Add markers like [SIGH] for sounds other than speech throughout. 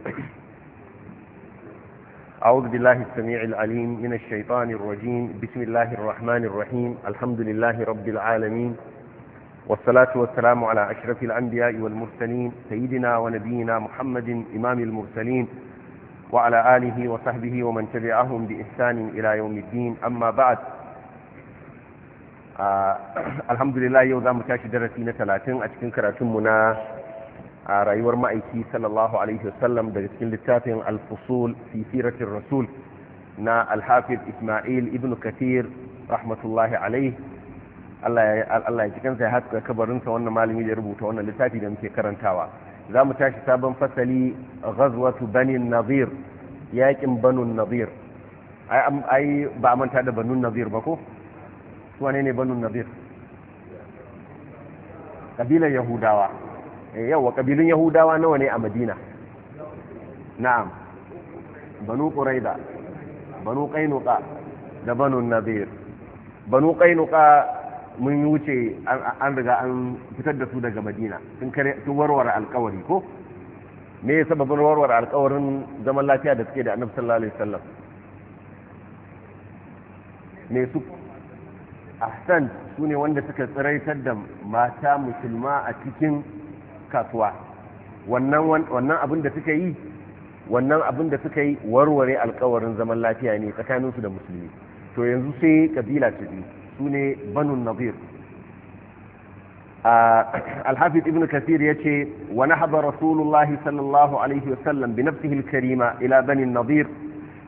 [COUGHS] أعوذ بالله السميع العليم من الشيطان الرجيم بسم الله الرحمن الرحيم الحمد لله رب العالمين والصلاة والسلام على أشرف الأنبياء والمرسلين سيدنا ونبينا محمد إمام المرسلين وعلى آله وصحبه ومن تبعهم بإحسان إلى يوم الدين أما بعد آه [COUGHS] الحمد لله يوم ذا متاشي درسينا ثلاثين أتكن كراتمنا a rayuwar ma'aiki sallallahu alaihi wasallam daga cikin littafin al-fusul fi siratir rasul na al-hafiz isma'il ibn kathir rahmatullahi alaihi Allah ya cikin sai haska kabarinsa wannan malami da rubuta wannan littafi da muke karantawa za mu tashi sabon fasali ghazwatu bani nadir yakin banu nadir ai ba manta da banu nadir ba ko su ne banu nadir kabilar yahudawa yawa kabilun yahudawa nawa ne a madina na'am banu ƙuraida, banu ƙainuka da banu nazir banu ƙainuka mun wuce an riga an fitar da su daga madina sun sun warware alkawari ko me ya sababin warware alkawarin zaman lafiya da suke da annabi sallallahu alaihi wasallam me su ahsan su ne wanda suka tsiraitar da mata musulma a cikin kasuwa wannan abin da suka yi wannan abin da suka yi warware alkawarin zaman lafiya ne tsakaninsu da musulmi to yanzu sai kabila ta biyu su ne banun nazir [CLEARS THROAT] alhafiz ibn kasir ya ce wani nahaba rasulullahi sallallahu alaihi wasallam bi nafsihi karima ila banin nazir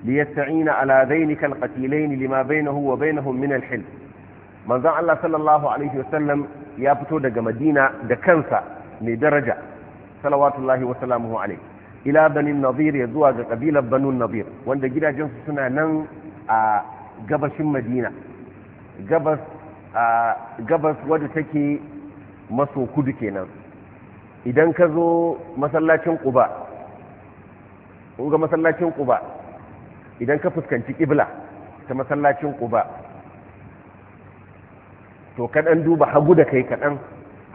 ليستعين على ذينك القتيلين لما بينه وبينهم من الحلم manzon Allah sallallahu alaihi wasallam ya fito daga Madina da kansa mai daraja salawatullahi wa salamuhu alaihi ila banin nazir ya zuwa ga kabilar banin nazir wanda gidajensu suna nan a gabashin madina gabas a gabas wadda take maso kudu kenan idan ka zo masallacin quba ga masallacin quba idan ka fuskanci kibla ta masallacin quba to kaɗan duba hagu da kai kaɗan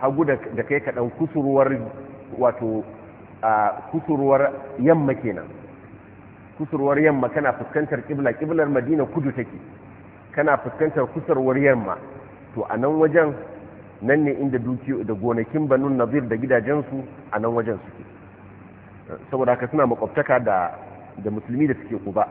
hagu da kai kaɗan kusurwar wato kusurwar yamma kenan kusurwar yamma kana fuskantar kibla kiblar madina kudu take kana fuskantar kusurwar yamma to a nan wajen nan ne inda duki da gonakin banun nazir da gidajensu a nan wajen suke saboda haka suna makwabtaka da da musulmi da suke kuba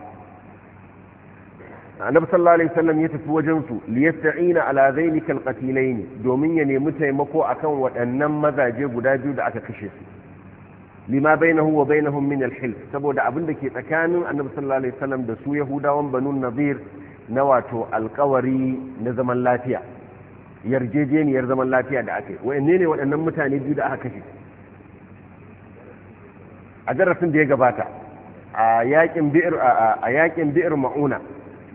annabi sallallahu alaihi wasallam ya tafi wajen su liyasta'ina ala zailika alqatilaini domin ya nemi taimako akan waɗannan mazaje guda biyu da aka kashe su lima bainahu wa bainahum min alhilf saboda abin da ke tsakanin annabi sallallahu alaihi wasallam da su yahudawan banu nadir na wato alkawari na zaman lafiya yarjejeniyar zaman lafiya da aka yi wayanne ne waɗannan mutane biyu da aka kashe a darasin da ya gabata a yakin bi'ir a yakin bi'ir ma'una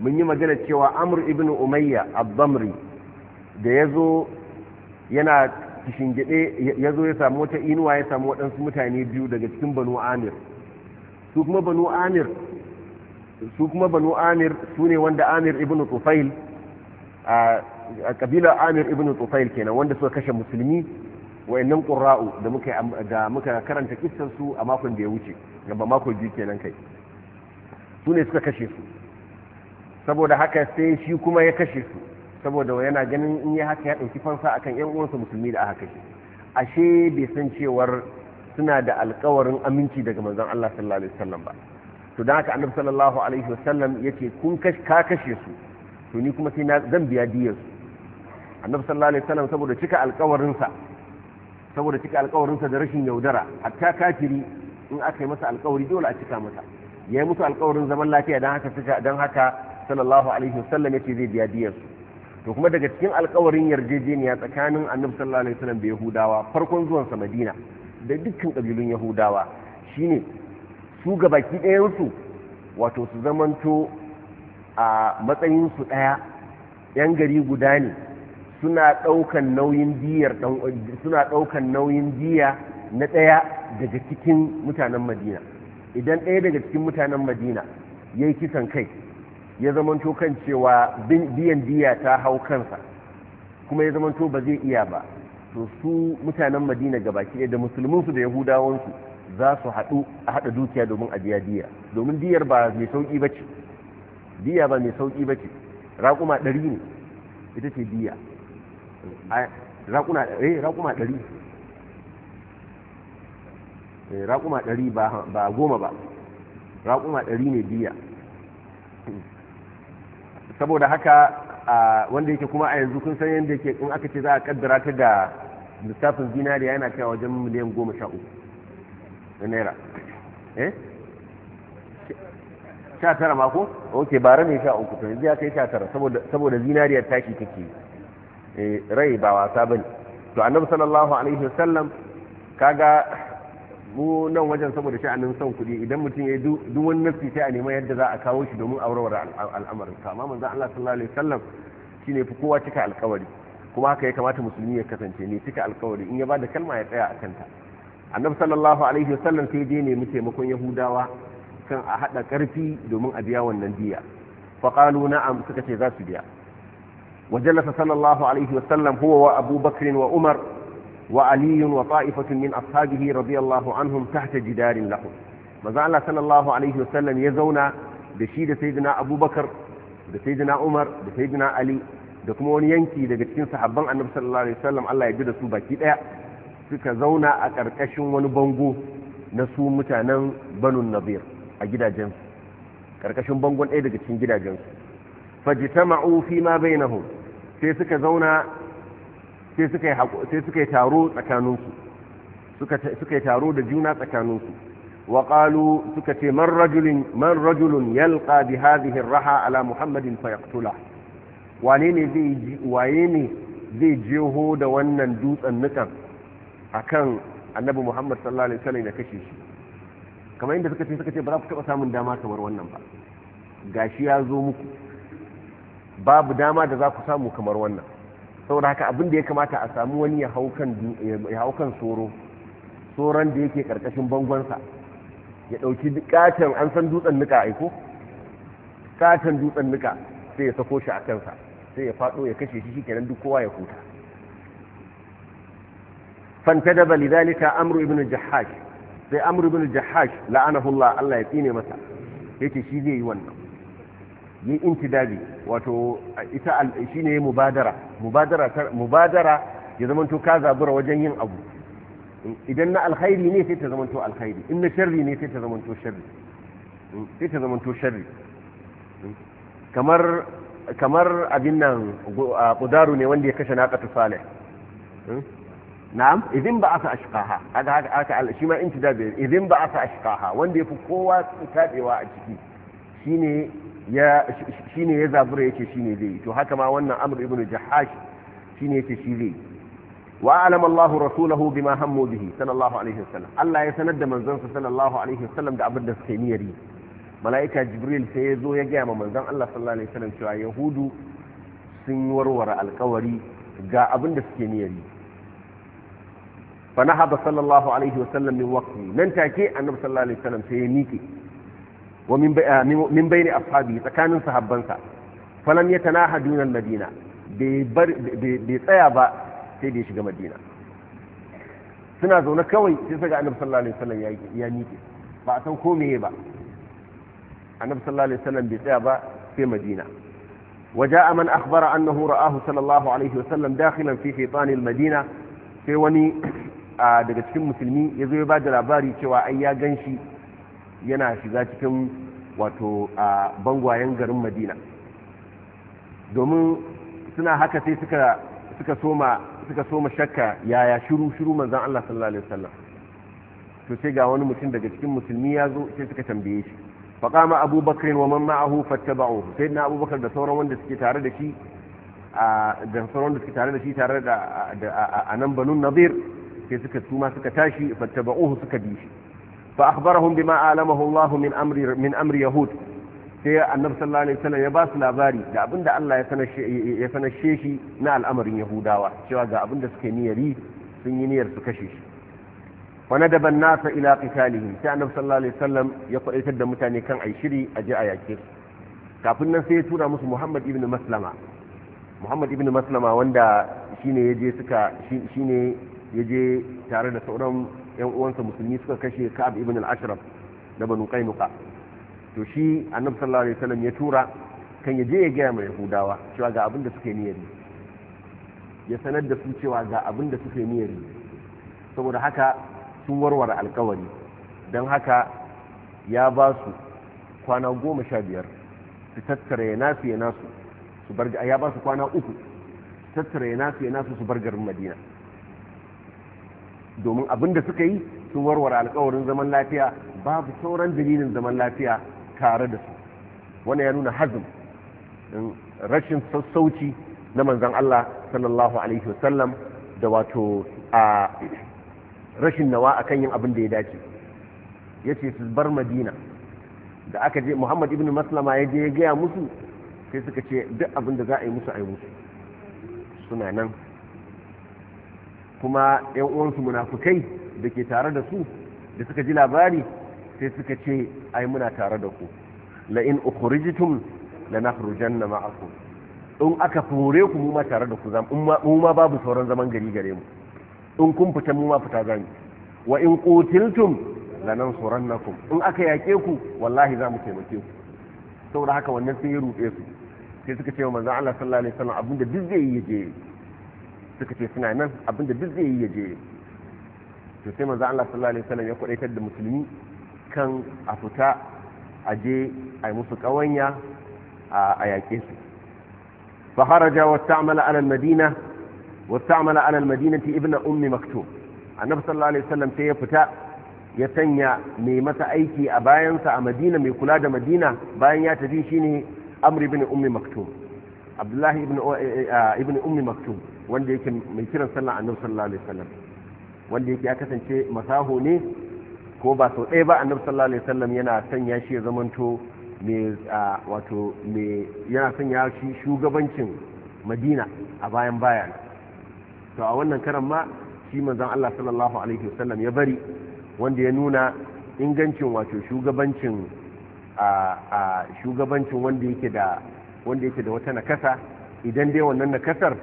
mun yi magana cewa amur ibn umayya abdamri da ya zo yana kishingide ya zo ya samu wata inuwa ya samu waɗansu mutane biyu daga cikin banu amir su kuma banu amir su kuma banu amir su ne wanda amir ibn tufail a kabilar amir ibn tufail kenan wanda suka kashe musulmi wayannan qurra'u da muka da muka karanta kissan su a makon da ya wuce gaba mako biyu kenan kai su ne suka kashe su saboda haka sai shi kuma ya kashe su saboda yana ganin in yi haka ya ɗauki fansa akan yan uwansa musulmi da aka kashe ashe bai san cewar suna da alkawarin aminci daga manzon Allah sallallahu alaihi wasallam ba to dan haka annabi sallallahu alaihi wasallam yace kun ka kashe su to ni kuma sai na zan biya diyar su annabi sallallahu alaihi wasallam saboda cika alkawarin sa saboda cika alkawarin sa da rashin yaudara hatta kafiri in aka yi masa alkawari dole a cika masa yayi musu alkawarin zaman lafiya dan haka suka dan haka sallallahu alaihi wasallam yace zai biya diyar to kuma daga cikin alƙawarin yarjejeniya tsakanin annabi sallallahu alaihi wasallam da yahudawa farkon zuwan sa madina da dukkan kabilun yahudawa shine su gabaki ɗayan su wato su zamanto a matsayin su ɗaya yan gari guda ne suna ɗaukan nauyin diyar suna ɗaukan nauyin diya na ɗaya daga cikin mutanen madina idan ɗaya daga cikin mutanen madina yayi kisan kai ya zamanto kan cewa biyan diya ta hau kansa kuma ya zamanto ba zai iya ba to su mutanen madina gabaki da musulminsu da yahudawansu za su haɗu a haɗa dukiya domin a biya diya domin diyar ba mai sauƙi ba ce diya ba mai sauƙi ba ce raƙuma ɗari ne ita ce diya eh, raƙuma ɗari eh, raƙuma ɗari ba goma ba raƙuma ɗari ne diya saboda haka wanda yake kuma a yanzu kun san yadda yake in aka ce za a kaddara ta ga lissafin zinariya yana kai wajen miliyan goma sha uku na naira eh sha tara mako ok bara ne sha uku to yanzu ya kai sha tara saboda zinariyar taki take eh, rai ba wasa bane to annabi sallallahu alaihi wasallam kaga mu nan wajen saboda sha'anin son kuɗi idan mutum ya duk wani nafi sai a nema yadda za a kawo shi domin aurewar al'amarin kama amma Allah sallallahu alaihi wasallam ne fi kowa cika alƙawari kuma haka ya kamata musulmi ya kasance ne cika alƙawari in ya ba da kalma ya tsaya a kanta annabi sallallahu alaihi wasallam sai je nemi taimakon yahudawa kan a hada karfi domin a biya wannan diya fa qalu na'am suka ce za su biya wajalla sallallahu alaihi wasallam huwa wa abubakar wa umar وعلي وطائفة من أصحابه رضي الله عنهم تحت جدار لهم ماذا الله صلى الله عليه وسلم يزونا بشيد سيدنا أبو بكر بسيدنا عمر بسيدنا علي da kuma wani yanki daga cikin sahabban annabi sallallahu alaihi wasallam Allah ya ji da su baki daya suka zauna a karkashin wani bango na su mutanen banu nabir a gidajensu karkashin bangon ɗaya daga cikin gidajensu ma sai suka zauna sai suka yi sai suka yi taro tsakaninsu suka suka yi taro da juna tsakaninsu wa qalu suka ce man rajulin man rajulun yalqa bi hadhihi raha ala muhammadin fa yaqtula wane ne zai waye ne zai jeho da wannan dutsen nukan akan annabi muhammad sallallahu alaihi wasallam da kashe shi kamar inda suka ce suka ce ba za ku taɓa samun dama kamar wannan ba gashi ya zo muku babu dama da za ku samu kamar wannan saboda haka abin da ya kamata a samu wani ya hau kan soro tsoron da yake karkashin bangonsa ya dauki katon an san dutsen nika aiko katon dutsen nika sai ya sako shi a kansa sai ya fado ya kashe shi kenan duk kowa ya huta bali zalika amru ibn jahash sai amru ibn jahash la'anahu Allah Allah ya tsine masa yake shi zai yi wannan yi intidabi wato ita shi ne mubadara mubadara ya zamanto ka zabura wajen yin abu idan na alkhairi ne sai ta zamanto alkhairi in na sharri ne sai ta zamanto sharri sai ta zamanto sharri kamar kamar abin nan kudaru ne wanda ya kashe naqatu salih na'am idin ba asa ashqaha aga haka aka shi ma intidabi idin ba asa ashqaha wanda ya fi kowa tadewa a ciki shine ya shine ya zabura yake shine zai to haka ma wannan amr ibn jahash shine yake shi zai wa alama Allah rasulahu bima hammu bihi sallallahu alaihi wasallam Allah ya sanar da manzon sa sallallahu alaihi wasallam da abin da suke niyyar mala'ika jibril sai ya zo ya gaya ma manzon Allah sallallahu alaihi wasallam cewa yahudu sun warware alkawari ga abin da suke niyyar fa nahaba sallallahu alaihi wasallam min waqti nan take annabi sallallahu alaihi wasallam sai ya miƙe wa min ah, bayni ashabi tsakanin sahabbansa falam yatanahaduna almadina bai bai tsaya ba sai da ya shiga madina suna zaune kawai sai saka annabi sallallahu alaihi ya miƙe ba a san ko meye ba annabi sallallahu alaihi bai tsaya ba sai madina وجاء من أخبر أنه رآه صلى الله عليه وسلم داخلا في حيطان المدينة sai wani ah, daga cikin musulmi ya zo ya ba da labari cewa ai ya ganshi yana shiga cikin wato a bangwayen garin madina domin suna haka sai suka soma suka soma shakka yaya shiru shiru manzan Allah sallallahu alaihi wasallam to sai ga wani mutum daga cikin musulmi ya zo sai suka tambaye shi faqama abubakar wa man ma'ahu sai na abubakar da sauran wanda suke tare da shi da sauran da suke tare da shi tare da a nan banun nazir sai suka tuma suka tashi ba'o suka bi shi fa akhbarahum bima alamahu Allah min amri min amri yahud sai annabi sallallahu alaihi ya ba su labari da abinda Allah ya sanashe ya shi na al'amarin yahudawa cewa ga abinda suke niyyari sun yi niyyar su kashe shi wa nadaba na nasa ila qitalihim sai annabi sallallahu alaihi ya faɗaitar da mutane kan ai shiri a je a yake kafin nan sai ya tura musu Muhammad ibn Maslama Muhammad ibn Maslama wanda shine ya je tare da sauran yan uwansa musulmi suka kashe ka'ab ibn al-ashraf da banu qainuqa to shi annabi sallallahu alaihi wasallam ya tura kan ya je ya gaya mai yahudawa cewa ga abin da suke niyyari. ya sanar da su cewa ga abin da suke niyyari. saboda haka sun warware alkawari don haka ya ba su kwana goma sha biyar su tattara ya nasu ya nasu su bar ya ba su kwana uku tattara ya nasu ya nasu su bar garin madina domin abin da suka yi sun warware alkawarin zaman lafiya babu sauran dalilin zaman lafiya tare da su wannan ya nuna hazin rashin sassauci na manzan Allah sallallahu alaihi wasallam da wato a rashin nawa a kan yin abin da ya dace ya ce su bar madina da aka je muhammad ibn maslama ya je ya gaya musu sai suka ce duk abin da za a yi musu a yi musu suna nan kuma yan uwansu munafukai da ke tare da su da suka ji labari sai suka ce ai muna tare da ku la in ukhrijtum lanakhrujanna ma'akum in aka fure ku mu ma tare da ku zam mu ma babu sauran zaman gari gare mu in kun fita mu ma fita zamu wa in qutiltum ku. in aka yake ku wallahi za mu taimake ku saboda haka wannan sai ya ruɗe su sai suka ce wa manzon Allah sallallahu alaihi wasallam abinda duk zai yi je suka ce suna nan abinda duk zai yi ya je to sai manzo Allah sallallahu alaihi wasallam ya kwadaitar da musulmi kan a fita a je a yi musu kawanya a yaƙe su fa haraja wa ta'mala ala al-madina wa ta'mala ala al-madinati ibnu ummi maktum annabi sallallahu alaihi wasallam sai ya fita ya sanya mai masa aiki a bayansa a madina mai kula da madina bayan ya tafi shine amr ibn ummi maktum abdullahi ibn eh, eh, eh, ibn ummi maktum wanda yake mai kiran sallah annabi sallallahu alaihi wasallam wanda yake ya kasance masaho ne ko ba sau ɗaya ba annabi sallallahu alaihi wasallam yana sanya shi ya zamanto mai wato mai yana sanya shi shugabancin madina a bayan baya to a wannan karan ma shi manzon Allah sallallahu alaihi wasallam ya bari wanda ya nuna ingancin wato shugabancin a shugabancin wanda yake da wanda yake da wata nakasa idan dai wannan nakasar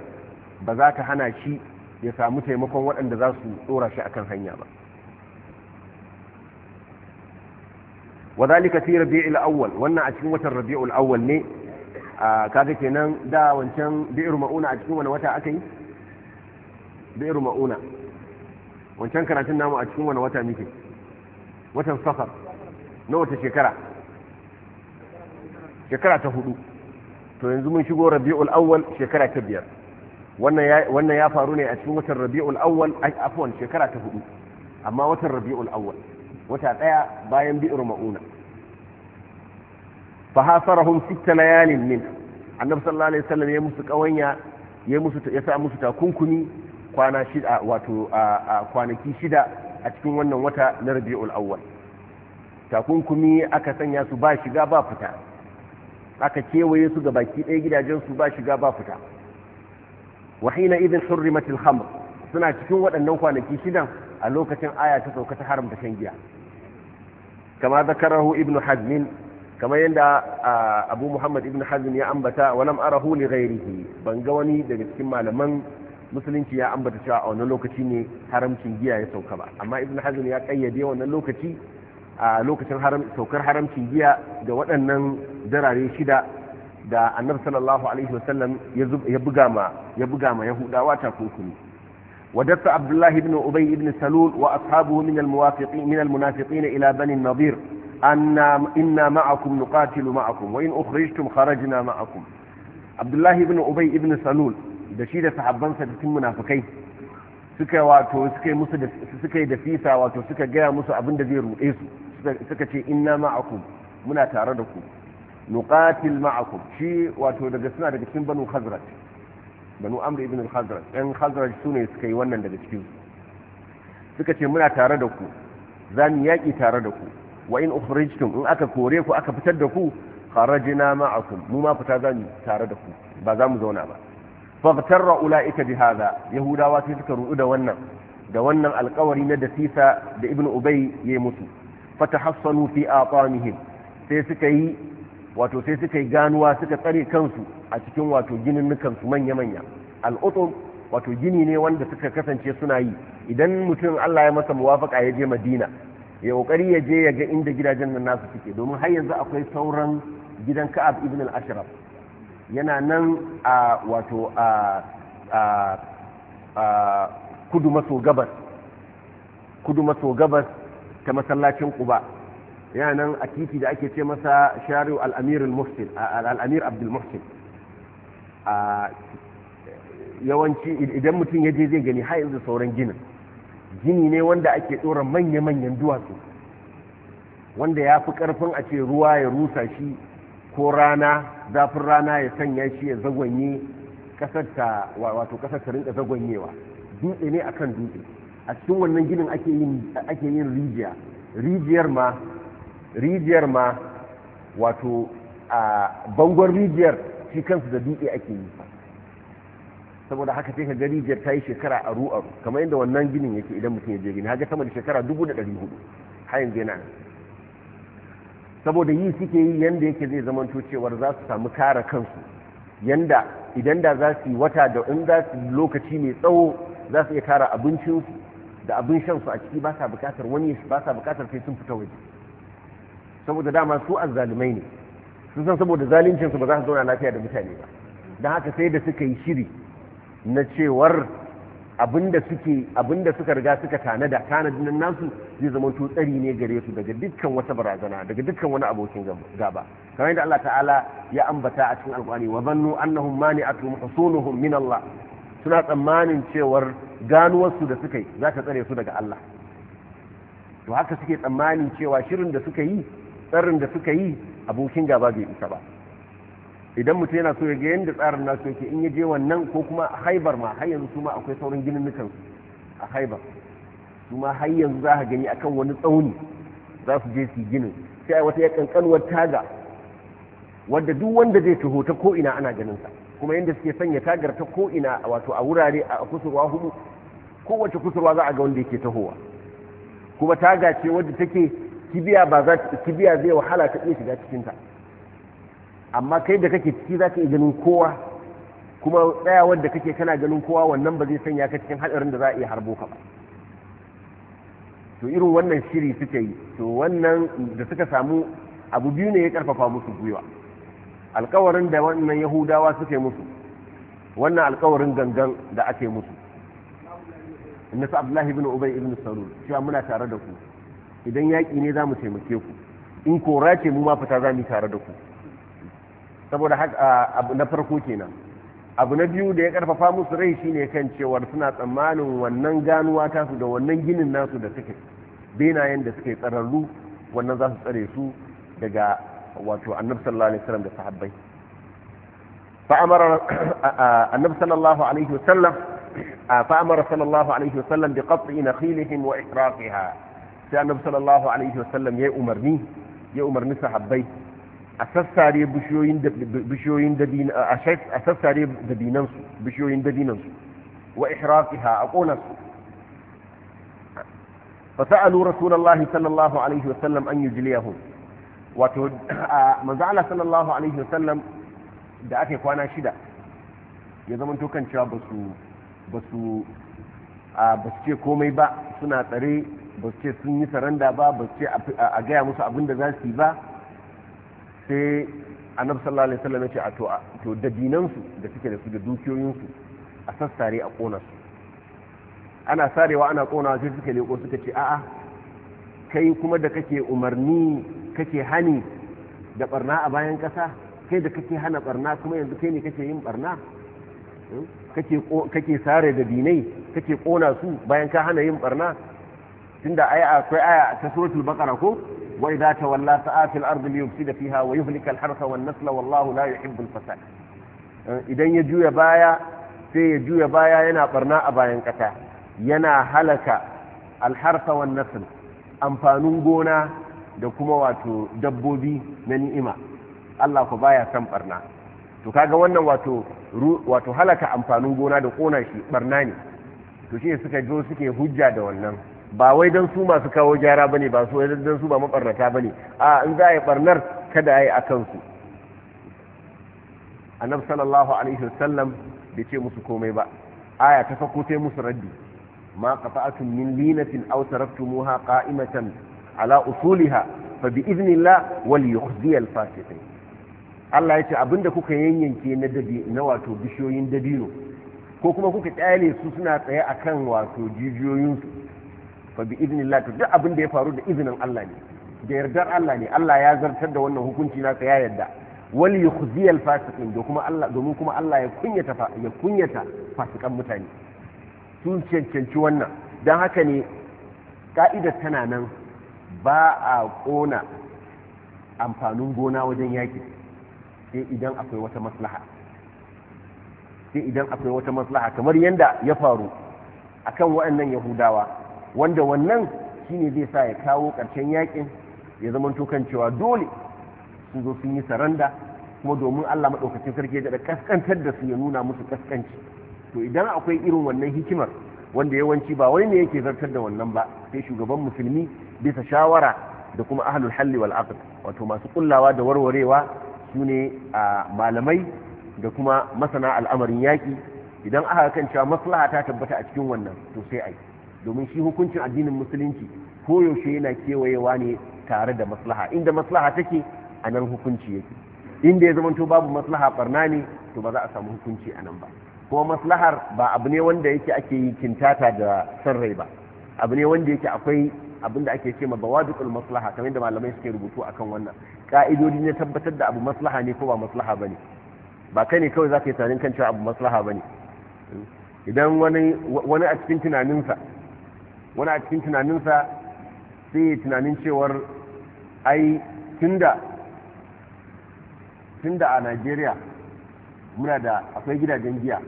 ba za ta hana shi ya samu taimakon waɗanda za su tsora shi akan hanya ba wadhalika fi rabi'il awwal wannan a cikin watan rabi'ul awwal ne kaga kenan da wancan bi'ir ma'una a cikin wani wata aka yi bi'ir ma'una wancan karatun namu a cikin wani wata muke watan safar na wata shekara shekara ta hudu to yanzu mun shigo rabi'ul awwal shekara ta biyar wannan ya faru ne a cikin watan rabi'ul awwal afwan shekara ta hudu amma watan rabi'ul awwal wata daya bayan bi'ur mauna fa hasarahum sitta layalin min annabi sallallahu alaihi wasallam ya musu kawanya ya musu ya sa musu takunkumi kwana shida wato kwanaki shida a cikin wannan wata na rabi'ul awwal takunkumi aka sanya su ba shiga ba fita aka kewaye su ga baki ɗaya gidajen su ba shiga ba fita Wahina hina idhin hurrimat al suna cikin waɗannan kwanaki shida a lokacin aya ta sauka ta haramta shan giya kama zakarahu Ibnu hazm kama yadda abu muhammad Ibnu hazm ya ambata wa lam arahu li ghayrihi ban ga wani daga cikin malaman musulunci ya ambata cewa a wannan lokaci ne haramcin giya ya sauka ba amma ibn hazm ya kayyade wannan a lokacin saukar haramcin giya da waɗannan darare shida da annabi sallallahu alaihi wasallam ya buga ma ya buga ma yahudawa takunkumi ibn عبد الله بن أبي بن سلول وأصحابه من الموافقين من المنافقين إلى بني النضير أن إنا معكم نقاتل معكم وإن أخرجتم خرجنا معكم عبد الله بن أبي بن da shi da sahabbansa da cikin munafikai suka wato suka musu da suka yi da fisa wato suka gaya musu abin da zai ruɗe su suka ce inna ma'akum muna tare da ku nuqatil ma'akum shi wato daga suna daga cikin banu khazraj banu amr ibn al-khazraj ɗan khazraj su ne suka yi wannan daga cikin suka ce muna tare da ku za mu yaƙi tare da ku wa in ukhrijtum in aka kore ku aka fitar da ku kharajna ma'akum mu ma fita za mu tare da ku ba za mu zauna ba faghtarra ulaika bi hadha yahudawa sai suka rudu da wannan da wannan alƙawari na dasisa da ibn ubay ya yi musu fatahassanu fi atanihim sai suka yi wato sai suka yi ganuwa suka tsare kansu a cikin wato su manya-manya al'utum wato gini ne wanda suka kasance suna yi idan mutum Allah ya masa muwafaka ya je Madina ya kokari ya je ya ga inda gidajen nan nasu suke domin har yanzu akwai sauran gidan Ka'ab ibn al-Ashraf yana nan a wato a kudu maso gabas ta masallacin ƙuba. yanan a titi da ake ce masa shari'u al'amir al abdul muhsin a yawanci idan mutum ya je zai gani har yanzu sauran ginin gini ne wanda ake tsoron manya-manyan duwatsu wanda ya fi ƙarfin a ce ruwa ya rusa shi ko rana zafin rana ya sanya shi ya zagwanye ta wato kasar ta rinka zagwanyewa dutse ne akan dutse a cikin wannan ginin ake yin rijiya rijiyar ma rijiyar ma wato a bangon rijiyar shi kansu da dutse ake yi saboda haka sai ka ga rijiyar ta yi shekara a aru kamar yadda wannan ginin yake idan mutum ya je gini haka sama da shekara dubu da ɗari hudu har yanzu yana saboda yi suke yi yanda yake zai zamanto cewar za su samu kare kansu yanda idan da za su yi wata da in za su lokaci mai tsawo za su iya kara abincinsu da abin shansu a ciki ba sa bukatar wani ba sa bukatar sai sun fita waje saboda dama su azzalumai ne sun san saboda zalincin su ba za su zauna lafiya da mutane ba don haka sai da suka yi shiri na cewar abinda suke abinda suka riga suka tanada tanadin nasu zai zama to tsari ne gare su daga dukkan wata barazana daga dukkan wani abokin gaba kamar yadda Allah ta'ala ya ambata a cikin alqur'ani wa zannu annahum mani'atu husunuhum min Allah suna tsammanin cewar ganuwarsu da suka yi za ta tsare su daga Allah to haka suke tsammanin cewa shirin da suka yi tsarin da suka yi abokin gaba bai isa ba idan mutum yana so ya ga yadda tsarin nasu yake in ya je wannan ko kuma a haibar ma har yanzu su ma akwai sauran ginin nukan a haibar su ma har yanzu za ka gani akan wani tsauni za su je su ginin sai a wata ya kankanuwar taga wadda duk wanda zai taho ta ko ina ana ganin sa kuma yadda suke sanya tagar ta ko ina wato a wurare a kusurwa hudu kowace kusurwa za a ga wanda yake tahowa kuma taga ce wadda take kibiya ba za kibiya zai wahala ta iya shiga cikin ta amma kai da kake ciki za ka iya ganin kowa kuma tsayawar wanda kake kana ganin kowa wannan ba zai sanya ka cikin hadarin da za a iya harbo ka ba to irin wannan shiri suka yi to wannan da suka samu abu biyu ne ya karfafa musu gwiwa alkawarin da wannan yahudawa suke musu wannan alkawarin gangan da ake musu inna abdullahi bin ubay ibn salul cewa muna tare da ku idan yaƙi ne za mu taimake ku in kora ce mu ma fita za mu tare da ku saboda haka na farko kenan abu na biyu da ya karfafa musu rai shine kan cewar suna tsammanin wannan ganuwa tasu da wannan ginin nasu da suke benayen da suke tsararru wannan za su tsare su daga wato annabi sallallahu alaihi wasallam da sahabbai fa amara annabi sallallahu alaihi wasallam fa amara sallallahu alaihi wasallam bi qat'i nakhilihim wa ihraqiha sai annabi sallallahu alaihi wasallam ya umarni ya umarni sahabbai a sassare bishiyoyin bishiyoyin dabin a sassare dabinan su bishiyoyin dabinan su wa ihraqiha a kona su fa sa'alu rasulullahi sallallahu alaihi wasallam an yujliyahum wato manzo Allah sallallahu alaihi wasallam da ake kwana shida ya zama to kan cewa basu basu a basu ce komai ba suna tsare ba ce sun yi saranda ba ba ce a gaya musu abin da za su yi ba sai annabi sallallahu alaihi wasallam ya ce a to da dinansu da suke da su da dukiyoyinsu a sassare a kona su ana sarewa ana kona sai suka leko suka ce a'a kai kuma da kake umarni kake hani da barna a bayan kasa kai da kake hana barna kuma yanzu kai ne kake yin barna hmm? kake sare da dinai kake kona su bayan ka hana yin barna tunda ai akwai aya ta suratul baqara ko wa idza tawalla sa'a fil ardi liyufsida fiha wa yuhlika al harsa wan nasla wallahu la yuhibbu al fasad idan ya juya baya sai ya juya baya yana barna a bayan kasa yana halaka al harsa wan nasl amfanin gona da kuma wato dabbobi na ni'ima Allah ku baya san barna to kaga wannan wato wato halaka amfanin gona da kona shi barna ne to shi suka jo suke hujja da wannan ba wai don su masu kawo gyara ba ne ba su wai don su ba mabarnata ba ne a in za a yi barnar kada a yi a kansu annab sallallahu alaihi wasallam bai ce musu komai ba aya ta fako ta musu raddi ma qata'atun min linatin aw taraktumuha qa'imatan ala usuliha fa bi idnillah wal yukhzi al fasiqin Allah ya ce abinda kuka yanyanke na dabi na wato bishiyoyin dabino ko kuma kuka tsale su suna tsaye akan wato jijiyoyinsu fa bi idnillah to duk abin da ya faru da izinin Allah ne da yardar Allah ne Allah ya zartar da wannan hukunci na ya yarda wal yukhziyal fasiqin da kuma Allah domin kuma Allah ya kunyata ya kunyata fasikan mutane sun cancanci wannan dan haka ne ka'idar tana nan ba a kona amfanin gona wajen yaki sai idan akwai wata maslaha sai idan akwai wata maslaha kamar yadda ya faru akan waɗannan yahudawa wanda wannan shi ne zai sa ya kawo ƙarshen yakin ya zama tukan cewa dole sun zo sun yi saranda kuma domin Allah maɗaukacin sarki da kaskantar da su ya nuna musu kaskanci to idan akwai irin wannan hikimar wanda yawanci ba wani ne yake zartar da wannan ba sai shugaban musulmi bisa shawara da kuma ahlul halli wal aqd wato masu kullawa da warwarewa sune ne malamai da kuma masana al'amarin yaƙi idan aka kan cewa maslaha ta tabbata a cikin wannan to sai ai domin shi hukuncin addinin musulunci koyaushe yana kewayewa ne tare da maslaha inda maslaha take a nan hukunci yake inda ya zamanto babu maslaha barna ne to ba za a samu hukunci a nan ba kuma maslahar ba abu ne wanda yake ake yi kintata da san rai ba abu ne wanda yake akwai abin da ake cewa ma bawadul maslaha kamar da malamai suke rubutu akan wannan ka'idodi ne tabbatar da abu maslaha ne ko ba maslaha bane ba kai ne kawai zaka yi tunanin kan cewa abu maslaha bane idan wani wani a cikin tunaninsa wani a cikin tunaninsa sai yi tunanin cewar ai tunda tunda a Najeriya muna da akwai gidajen giya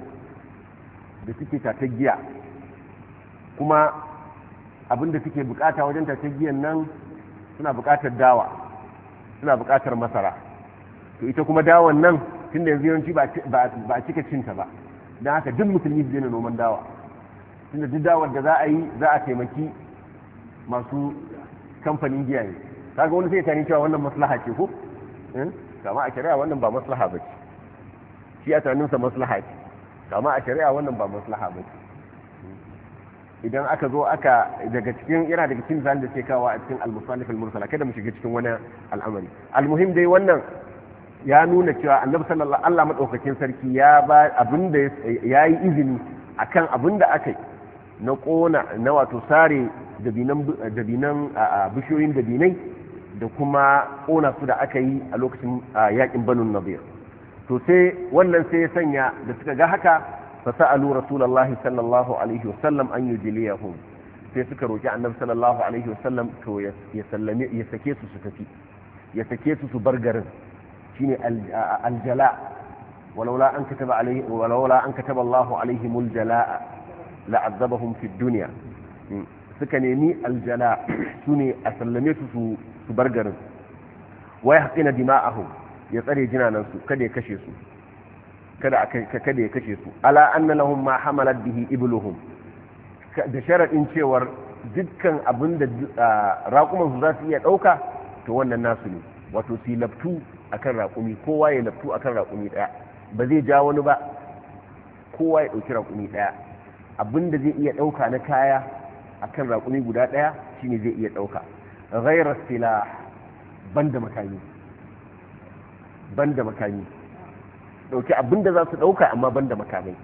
da suke tata giya kuma abinda suke bukata wajen tata giyan nan suna bukatar dawa suna bukatar masara to ita kuma dawan nan tunda yanzu yawanci ba a cika cinta ba don haka duk musulmi zai noman dawa tunda duk da za a yi za a taimaki masu kamfanin giya ne kaga wani sai tani cewa wannan maslaha ce ko eh? kama a shari'a wannan ba maslaha ba ce shi a tunaninsa maslaha ce kama a shari'a wannan ba maslaha ba ce idan aka zo aka daga cikin yana daga cikin zan da ke kawo a cikin al-musannif al-mursala kada mu shiga cikin wani al'amari al-muhim dai wannan ya nuna cewa annabi sallallahu alaihi wasallam madaukakin sarki ya ba abinda ya yi izini akan abinda aka yi na ƙona na wato sare dabinan bishiyoyin dabinai da kuma ƙona su da aka yi a lokacin yaƙin banun nabir to sai wannan sai ya sanya da suka ga haka fasa'alu rasulullahi sallallahu alaihi wasallam an yujliyahum sai suka roki annabi sallallahu alaihi wasallam to ya sallame ya sake su su tafi ya sake su su bar garin shine aljala walaula an kataba alaihi walaula an kataba Allahu alaihimul jala'a la'azzabahum fi duniya suka nemi aljala su ne a sallame su su bar garin wa ya haƙina dima'ahum ya tsare jinanan su kada ya kashe su kada kada ya kashe su ala anna lahum ma hamalat bihi ibluhum da sharadin cewar dukkan abinda da raƙuman su za su iya ɗauka to wannan nasu ne wato su laftu akan raƙumi kowa ya laftu akan raƙumi ɗaya ba zai ja wani ba kowa ya ɗauki raƙumi ɗaya da zai iya ɗauka na kaya akan raƙumi guda ɗaya shi ne zai iya ɗauka ghairar ban banda makami banda makami ɗauki da za su ɗauka amma banda makami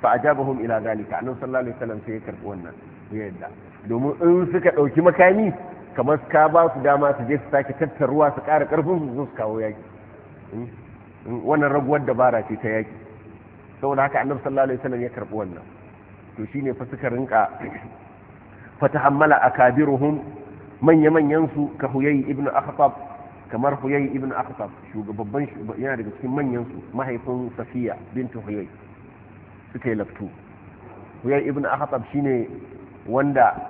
fa ajabahum ila zalika annabi sallallahu alaihi wasallam sai ya karɓi wannan ya yadda domin in suka ɗauki makami kamar ka ba su dama su je su sake tattaruwa su ƙara ƙarfin su su kawo yaki hmm? hmm? wannan raguwar dabara ce ta yaki saboda haka annabi sallallahu alaihi wasallam ya karbi wannan to shine fa suka rinka [CLEARS THROAT] fatahammala akabiruhum manya manyan su ka huyai ibnu akhtab kamar huyai ibnu akhtab shugaban yana daga cikin manyan su mahaifin safiya bintu huyai suka yi laftu huyai ibnu akhtab shine wanda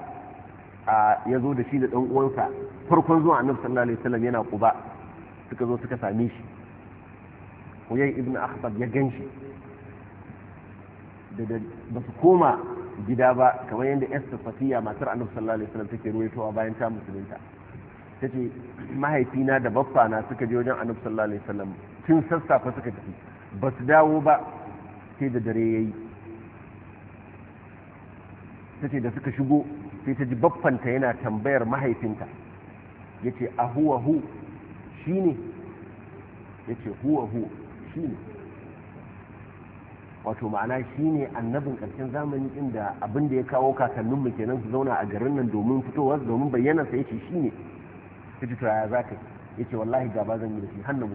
ya zo da shi da dan uwansa farkon zuwa annabi sallallahu alaihi wasallam yana kuba suka zo suka same shi huyai ibnu akhtab ya ganshi ba su koma gida ba kamar yadda esther fatiya matar annabi sallallahu alaihi wasallam take ruwaitowa bayan ta musulunta ta ce mahaifina da baffa na suka je wajen annabi sallallahu alaihi wasallam tun sassafe suka tafi ba su dawo ba sai da dare yayi ta ce da suka shigo sai ta ji baffanta yana tambayar mahaifinta ya ce a huwa hu shine yace huwa hu shi ne wato ma'ana shine annabin karshen zamani inda abin da ya kawo kakannin mu kenan su zauna a garin nan domin fitowar domin bayyana sa yace shine kiji to ya zaka yace wallahi gaba zan yi da shi hannu mu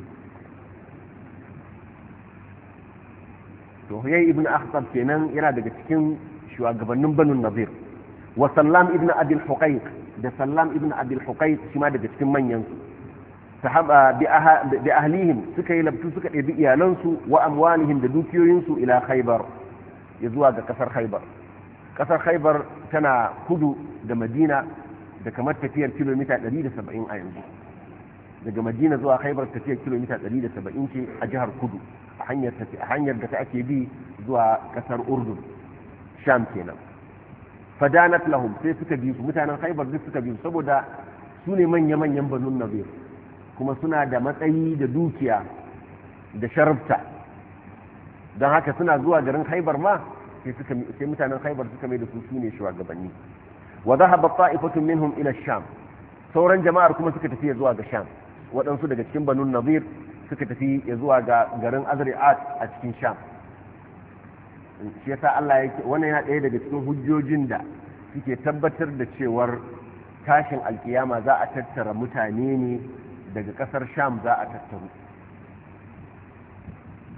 to hayy ibn akhtab kenan yana daga cikin shugabannin banu nazir wa sallam ibn abi al da sallam ibn abi al shi ma daga cikin manyan su da ahlihim suka yi labtu suka ɗabi iyalansu wa amwalihim da dukiyoyinsu ila khaibar ya zuwa ga ƙasar khaibar ƙasar khaibar tana kudu da madina da kamar tafiyar kilomita 170 a yanzu daga madina zuwa khaibar tafiyar kilomita 170 ce a jihar kudu a hanyar da ta ake bi zuwa ƙasar urdun sham kenan fadanat lahum sai suka bi mutanen khaibar duk suka bi saboda su ne manya-manyan banun nazir kuma suna da matsayi da dukiya da sharafta don haka suna zuwa garin haibar ma sai mutanen haibar suka mai da su su ne shugabanni wa zahaba ta'ifatun minhum ila sham sauran jama'ar kuma suka tafi zuwa ga sham waɗansu daga cikin Banun nazir suka tafi zuwa ga garin azri'at a cikin sham shi yasa Allah yake wannan yana ɗaya daga cikin hujjojin da suke tabbatar da cewar tashin alkiyama za a tattara mutane ne daga kasar sham za a tattaru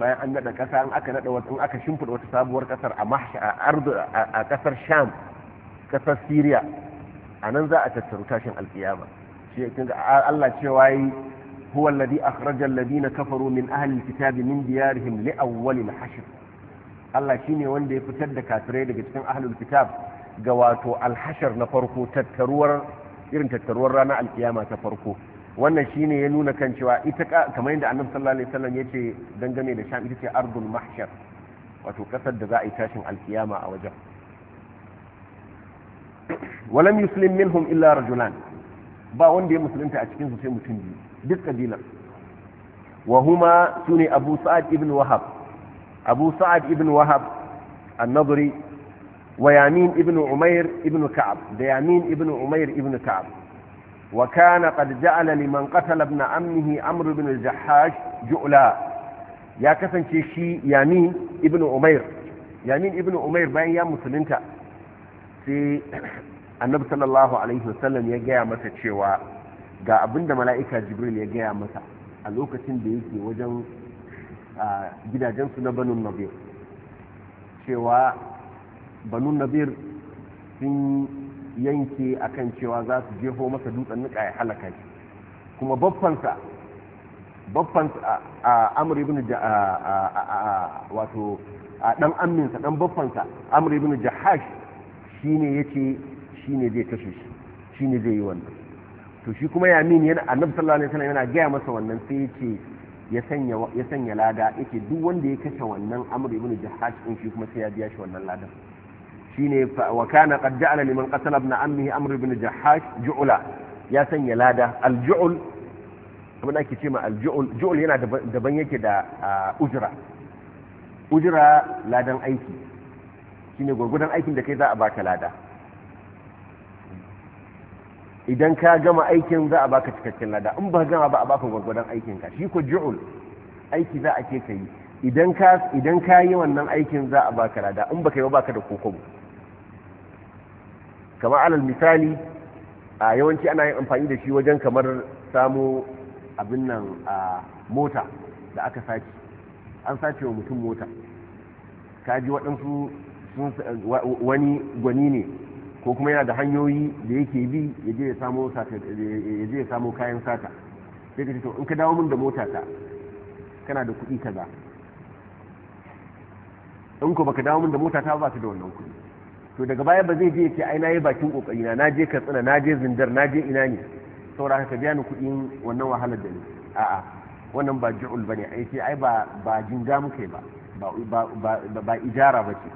bayan an nada kasa an aka nada wata in aka shimfida wata sabuwar kasar a mahsha kasar sham kasar syria a nan za a tattaru tashin alkiyama shi kin ga Allah cewa yi huwa alladhi akhraja alladhina kafaru min ahli alkitabi min diyarihim li awwal alhashr Allah shine wanda ya fitar da kafirai daga cikin ahli alkitab ga wato alhashar na farko tattaruwar irin tattaruwar ranar alkiyama ta farko wannan shine ya nuna kan cewa ita kamar yadda annabi sallallahu alaihi wasallam yace dangane da sham ita ce ardul mahshar wato kasar da za a yi tashin alkiyama a wajen walam yuslim minhum illa rajulan ba wanda ya musulunta a cikin su sai mutum biyu duk kabilar wa huma sune abu sa'ad ibn wahab abu sa'ad ibn wahab an-nadri wa yamin ibn umair ibn ka'ab da yamin ibn umair ibn ka'ab وكان قد جعل لمن قتل ابن عمه عمرو بن الجحاش جؤلا يا كسن شي يامين ابن عمير يامين ابن عمير باين يا مسلمتا في النبي صلى الله عليه وسلم يجي masa cewa ga abinda mala'ika جبريل ya gaya masa a lokacin da yake wajen gidajensu na banun nabir cewa banun nabir sun yanke akan cewa za su jeho masa dutsen nika ya halaka shi kuma babbansa babbansa a amur ibn da wato a dan amminsa dan babbansa amur ibn jahash shine yace shine zai kashe shi shine zai yi wannan to shi kuma yamin yana annabi sallallahu alaihi wasallam yana gaya masa wannan sai yace ya sanya ya sanya lada yake duk wanda ya kashe wannan amr ibn jahash din shi kuma sai ya biya shi wannan ladan shine wa kana qad ja'ala liman qatala ibn ammihi amr ibn jahash ju'la ya sanya lada al-ju'l abin ake ce ma al-ju'l ju'l yana daban yake da ujra ujra ladan aiki shine gurgudan aikin da kai za a baka lada idan ka gama aikin za a baka cikakken lada in ba gama ba a baka gurgudan aikin ka shi ko ju'ul aiki za a ke kai idan ka idan ka yi wannan aikin za a baka lada in baka yi ba baka da kokobo kamar alal misali a yawanci ana yin amfani da shi wajen kamar samu abin nan a mota da aka sace an sace wa mutum mota kaji waɗansu wani gwani ne ko kuma yana da hanyoyi da yake bi ya je ya samo kayan sata sai ka ce to in ka dawo min da mota ta kana da kuɗi kaza in ko baka dawo min da mota ta ba ka da wannan kuɗi to daga baya ba zai je ce ai na yi bakin kokari na je katsina na je zindar na je ina ne saboda haka biya ni kuɗin wannan wahalar da ni a'a wannan ba ju'ul bane ai ce ai ba ba jinga muke ba ba ba ba ijara ba ce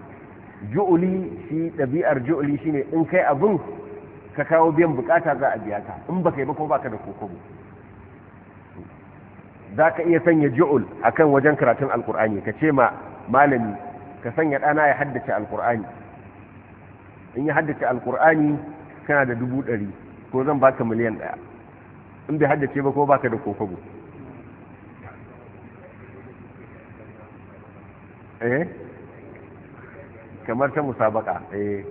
ju'uli shi ɗabi'ar ju'uli shine in kai abun ka kawo biyan bukata za a biya ka in baka yi ba ko baka da kokobo za ka iya sanya ju'ul akan wajen karatun alkur'ani ka ce ma malami ka sanya ɗana ya haddace alkur'ani in ya haddace alkur'ani kana da dubu ɗari ko zan baka miliyan ɗaya in bai haddace ba ko baka da kofago eh kamar ta musabaka eh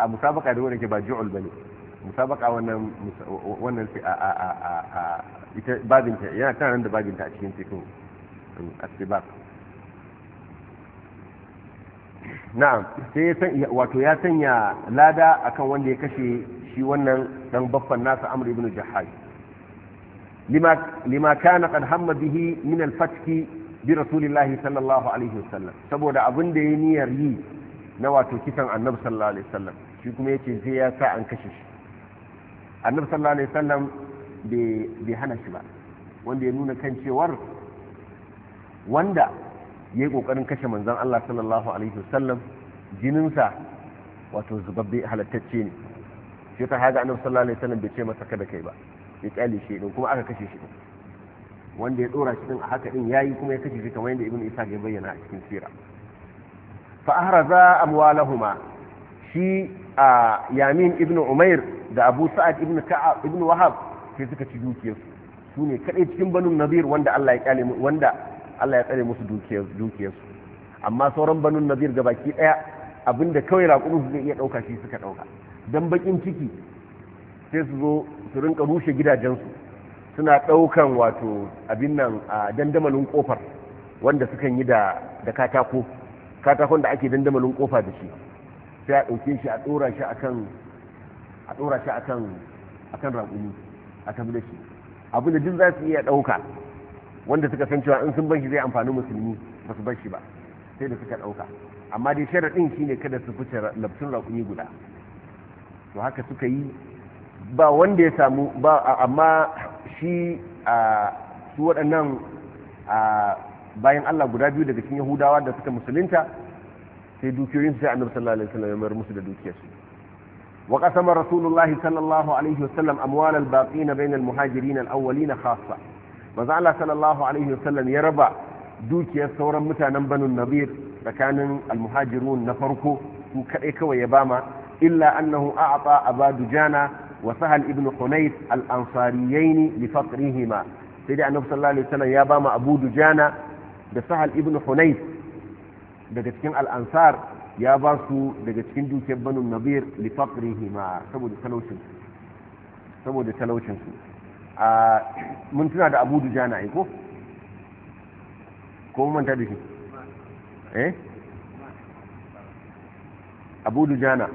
a musabaka da wani ke ba ju'ul bane musabaka wannan wannan a a a a ita babinta yana tana nan da babinta a cikin fiqh a sibaka na'am sai ya san wato ya sanya lada akan wanda ya kashe shi wannan dan baffan nasa amr ibn jahaj lima lima kana qad hamma bihi min al fatki bi rasulillah sallallahu alaihi wasallam saboda abin da ya niyyar yi na wato kisan annabi sallallahu alaihi wasallam shi kuma yace sai ya sa an kashe shi annabi sallallahu alaihi wasallam bai hana shi ba wanda ya nuna kan cewar wanda ya yi ƙoƙarin kashe manzan Allah sallallahu alaihi wasallam jininsa wato zubabbe halattacce ne shi ta haga annabi sallallahu alaihi wasallam bai ce masa kada kai ba ya kyale shi din kuma aka kashe shi din wanda ya dora shi din a haka din yayi kuma ya kashe shi kamar yadda ibnu isa ya bayyana a cikin sira fa ahraza amwalahuma shi a yamin ibnu umair da abu sa'ad ibnu ka'ab ibnu wahab sai suka ci dukiyarsu su ne kadai cikin banu nadir wanda Allah ya kyale wanda Allah ya tsare musu dukiyarsu amma sauran banun nazir ga baki daya abinda kawai raƙumin su zai iya ɗauka shi suka ɗauka don bakin ciki sai su zo su rinka rushe gidajensu suna ɗaukan wato abin nan a dandamalin kofar wanda suka yi da katako katakon da ake dandamalin kofa da shi sai a ɗauke shi a ɗora shi akan a ɗora raƙumi a tabbata shi abinda duk za su iya ɗauka wanda suka san cewa in sun bar shi zai amfani musulmi ba su bar shi ba sai da suka ɗauka amma dai sharaɗin shine kada su fice labtun raƙumi guda to haka suka yi ba wanda ya samu ba amma shi a su waɗannan bayan Allah guda biyu daga cikin Yahudawa da suka musulunta sai dukiyoyinsu sai annabi sallallahu alaihi wasallam ya mayar musu da dukiyarsu wa qasama rasulullahi sallallahu alaihi wasallam amwal al baqina bayna al-muhajirin al-awwalin khassa manzo Allah sallallahu alaihi wasallam ya raba dukiyar sauran mutanen banu Nabir tsakanin almuhajirun na farko su kadai kawai ya bama illa annahu a'ata aba dujana wa sahal ibn hunayf al-ansariyain li faqrihima sai dai annabi sallallahu alaihi wasallam ya bama abu dujana da sahal ibn hunayf daga cikin al-ansar ya ba su daga cikin dukiyar banu Nabir li faqrihima saboda talaucin saboda talaucin su a mun tuna da abu dujana na ko ko manta da shi eh abu dujana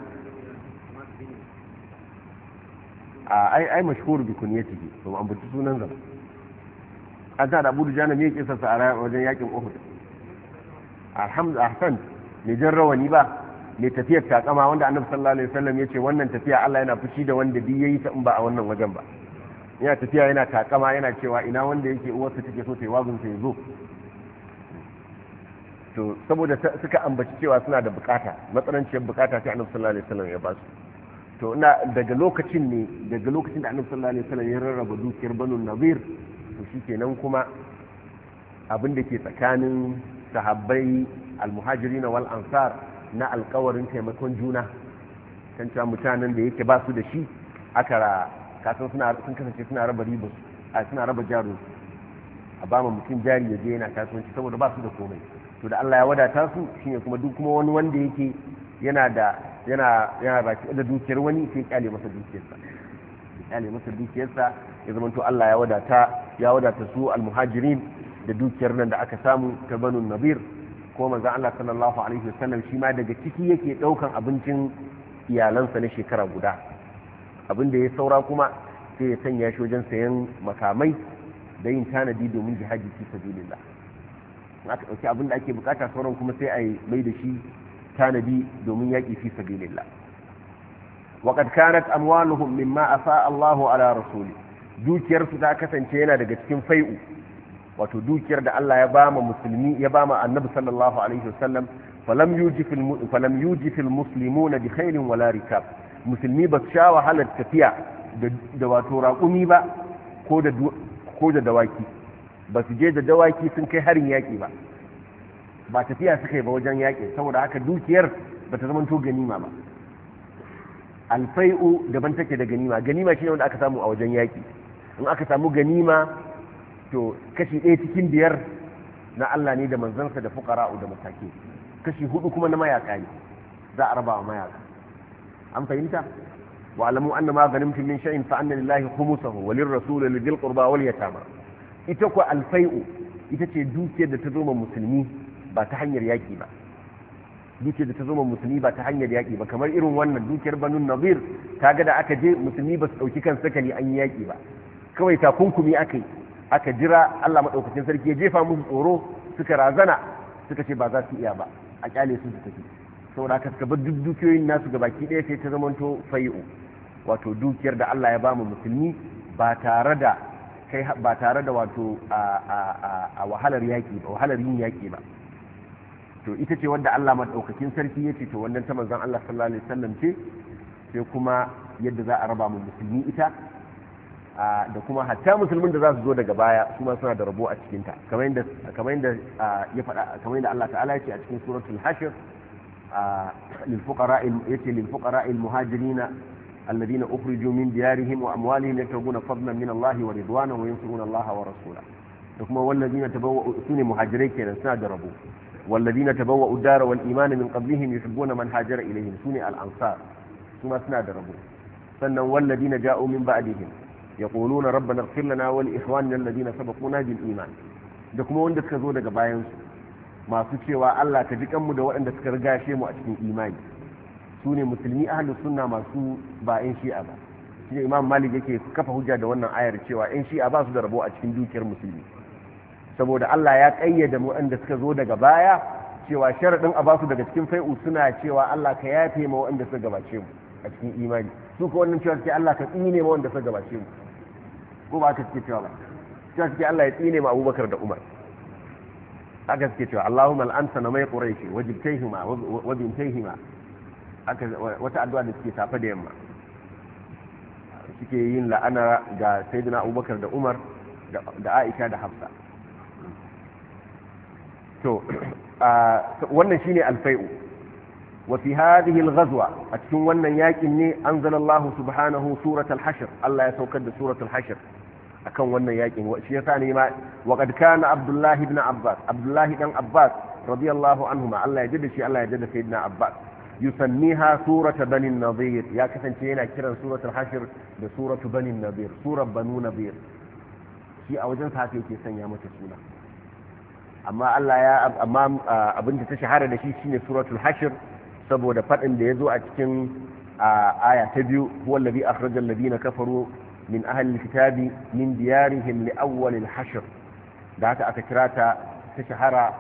a ai ai mashhur bi kunyatihi to an buci sunan zama an da abu dujana me yake sassa a wajen yakin uhud alhamdu ahsan me jarrawani ba ne tafiyar takama wanda annabi sallallahu alaihi wasallam ya ce wannan tafiya Allah yana fushi da wanda bi yayi ta in ba a wannan wajen ba yana tafiya yana takama yana cewa ina wanda yake uwarsa take so sai wazun sai zo to saboda suka ambaci cewa suna da bukata matsananciyar bukata sai annabi sallallahu alaihi wasallam ya basu to ina daga lokacin ne daga lokacin da annabi sallallahu alaihi wasallam ya rarraba dukiyar banu nazir to shikenan kuma abin da ke tsakanin sahabbai almuhajirin wal ansar na alkawarin taimakon juna kan mutanen da yake ba su da shi aka kasan sun kasance suna raba ribus a suna raba jaro a ba ma mutum jari ya je yana kasuwanci saboda ba su da komai to da Allah ya wadata su shine kuma duk kuma wani wanda yake yana da yana yana baki da dukiyar wani sai kyale masa dukiyarsa kyale masa dukiyarsa ya zama to Allah ya wadata ya wadata su almuhajirin da dukiyar nan da aka samu ta banu nabir ko manzon Allah sallallahu alaihi wasallam shi ma daga ciki yake daukan abincin iyalansa na shekara guda abin da ya saura kuma sai ya sanya shi wajen sayan makamai da yin tanadi domin jihaji fi sabilillah in aka dauki abin da ake bukata sauran kuma sai a yi mai da shi tanadi domin yaki fi sabilillah وقد كانت أموالهم مما أفاء الله على رسوله dukiyar su ta kasance yana daga cikin fai'u wato dukiyar da Allah ya bama musulmi ya bama annabi sallallahu alaihi wasallam falam yuji fil falam yuji muslimuna bi khairin wala rikab musulmi ba su sha wahalar tafiya da wato raƙumi ba ko da dawaki ba su je da dawaki sun kai harin yaƙi ba ba tafiya suka yi ba wajen yaƙi saboda haka dukiyar ba ta zamanto ganima ba alfai'u daban take da ganima ganima shi ne wanda aka samu a wajen yaƙi in aka samu ganima to kashi ɗaya cikin biyar na Allah ne da manzansa da fukara'u da mataki kashi hudu kuma na mayaka ne za a raba wa mayaka an fahimta wa'alamu anna ma ghanimtum min shay'in fa anna lillahi khumsahu wa lirrasul wa lidhil qurba wal yatama ita ko alfai'u ita ce dukiyar da ta zoma musulmi ba ta hanyar yaki ba dukiyar da ta zoma musulmi ba ta hanyar yaki ba kamar irin wannan dukiyar banu ta kaga da aka je musulmi ba su dauki kan sakali an yaki ba kawai takunkumi aka yi aka jira Allah maɗaukacin sarki ya jefa musu tsoro suka razana suka ce ba za su iya ba a kyale su su tafi saboda ka suka bar duk dukiyoyin nasu ga baki ɗaya sai ta to fai'u wato dukiyar da Allah ya mu musulmi ba tare da kai ba tare da wato a wahalar yaki ba wahalar yin yaki ba to ita ce wanda Allah madaukakin sarki ya ce to wannan ta manzon Allah sallallahu alaihi wasallam ce sai kuma yadda za a raba mu musulmi ita da kuma hatta musulmin da za su zo daga baya su ma suna da rabo a cikinta kamar yadda kamar yadda ya faɗa kamar yadda Allah ta'ala ya ce a cikin suratul hashir yace lil fuqara al muhajirina alladhina ukhriju min diyarihim wa amwalihim yatabuna fadlan min Allah wa ridwana wa yansuruna Allah wa da kuma walladhina tabawwa'u sunni muhajirai kenan suna da rabo walladhina tabawwa'u dara wal imana min qablihim yuhibbuna man hajara ilayhim sunni al ansar kuma suna da rabo sannan walladhina ja'u min ba'dihim yaquluna rabbana ighfir lana wa iman da kuma wanda suka zo daga bayan su masu cewa Allah ta ji kanmu da waɗanda suka rigashe mu a cikin imani su ne musulmi ahlus suna masu ba yan shi'a ba ne imam malik yake kafa hujja da wannan ayar cewa yan shi'a ba su da rabo a cikin dukiyar musulmi saboda Allah ya kayyade waɗanda suka zo daga baya cewa sharaɗin a basu daga cikin fai'u suna cewa Allah ka yafe ma waɗanda suka gabace mu a cikin imani su ka wannan cewa suke Allah ka tsine ma waɗanda suka gabace mu ko ba ka cike cewa ba cewa suke Allah ya tsine ma Abubakar da Umar aka suke cewa Allahumma al'amsa na mai quraishi wajibtaihima wata addu'a da suke safa da yamma suke yin la'ana ga sayyidina Abubakar da Umar da Aisha da Hafsa to wannan shine alfai'u wa fi hadhihi alghazwa a cikin wannan yakin ne anzalallahu subhanahu suratul hashr Allah ya saukar da suratul hashr akan wannan yakin shi ya sa ne ma wa qad kana abdullahi ibn abbas abdullahi dan abbas radiyallahu anhuma Allah ya shi Allah ya jaddace sayyidina abbas ha surata bani nadir ya kasance yana kiran suratul hashir da suratu bani nadir surar banu nadir shi a wajen sa yake sanya mata suna amma Allah ya amma abin da ta shahara da shi shine suratul hashir saboda faɗin da ya zo a cikin aya ta biyu huwa allazi akhraja alladhina kafaru min ahalil kitabi min diyarihim li awwalil hashr da haka aka kira ta ta shahara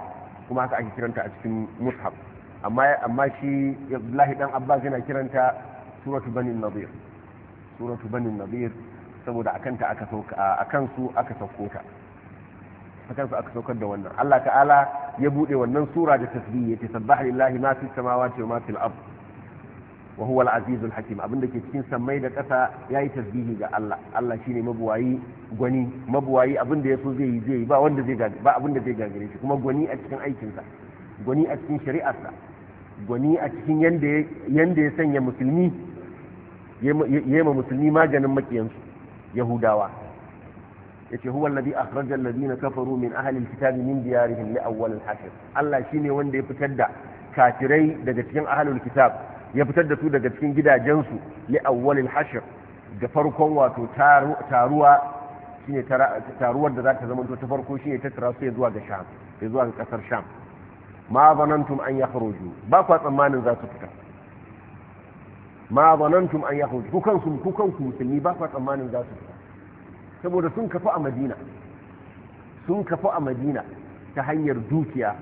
kuma haka ake kiranta a cikin mushaf amma amma shi Abdullahi dan Abbas yana kiranta suratu bani nadir suratu bani nadir saboda akan ta aka sauka akan su aka sauko ta akan su aka saukar da wannan Allah ta'ala ya bude wannan sura da tasbih ya tasabbaha lillahi ma fi samawati wa ma fil ardh wa huwa al-azizul hakim abin da ke cikin sammai da ƙasa yayi tasbihi ga Allah Allah shine mabuwayi gwani mabuwayi abin da yaso zai yi zai yi ba wanda zai ba abin da zai gagare shi kuma gwani a cikin aikin sa gwani a cikin shari'arsa gwani a cikin yanda yanda ya sanya musulmi yema musulmi maganin makiyansu yahudawa yace huwa alladhi akhraja alladhina kafaru min ahli alkitabi min diyarihim li awwal al Allah shine wanda ya fitar da kafirai daga cikin ahlul kitab ya fitar da su daga cikin gidajensu li awwalil hashr Ga farkon wato taruwa shine taruwar da za ta zama ta farko shine ta tara su zuwa ga sham zuwa ga kasar sham ma zanantum an yakhruju ba kwa tsammanin za su fita ma zanantum an yakhruju ku kanku ku kanku musulmi ba kwa tsammanin za su fita saboda sun kafu a madina sun kafu a madina ta hanyar dukiya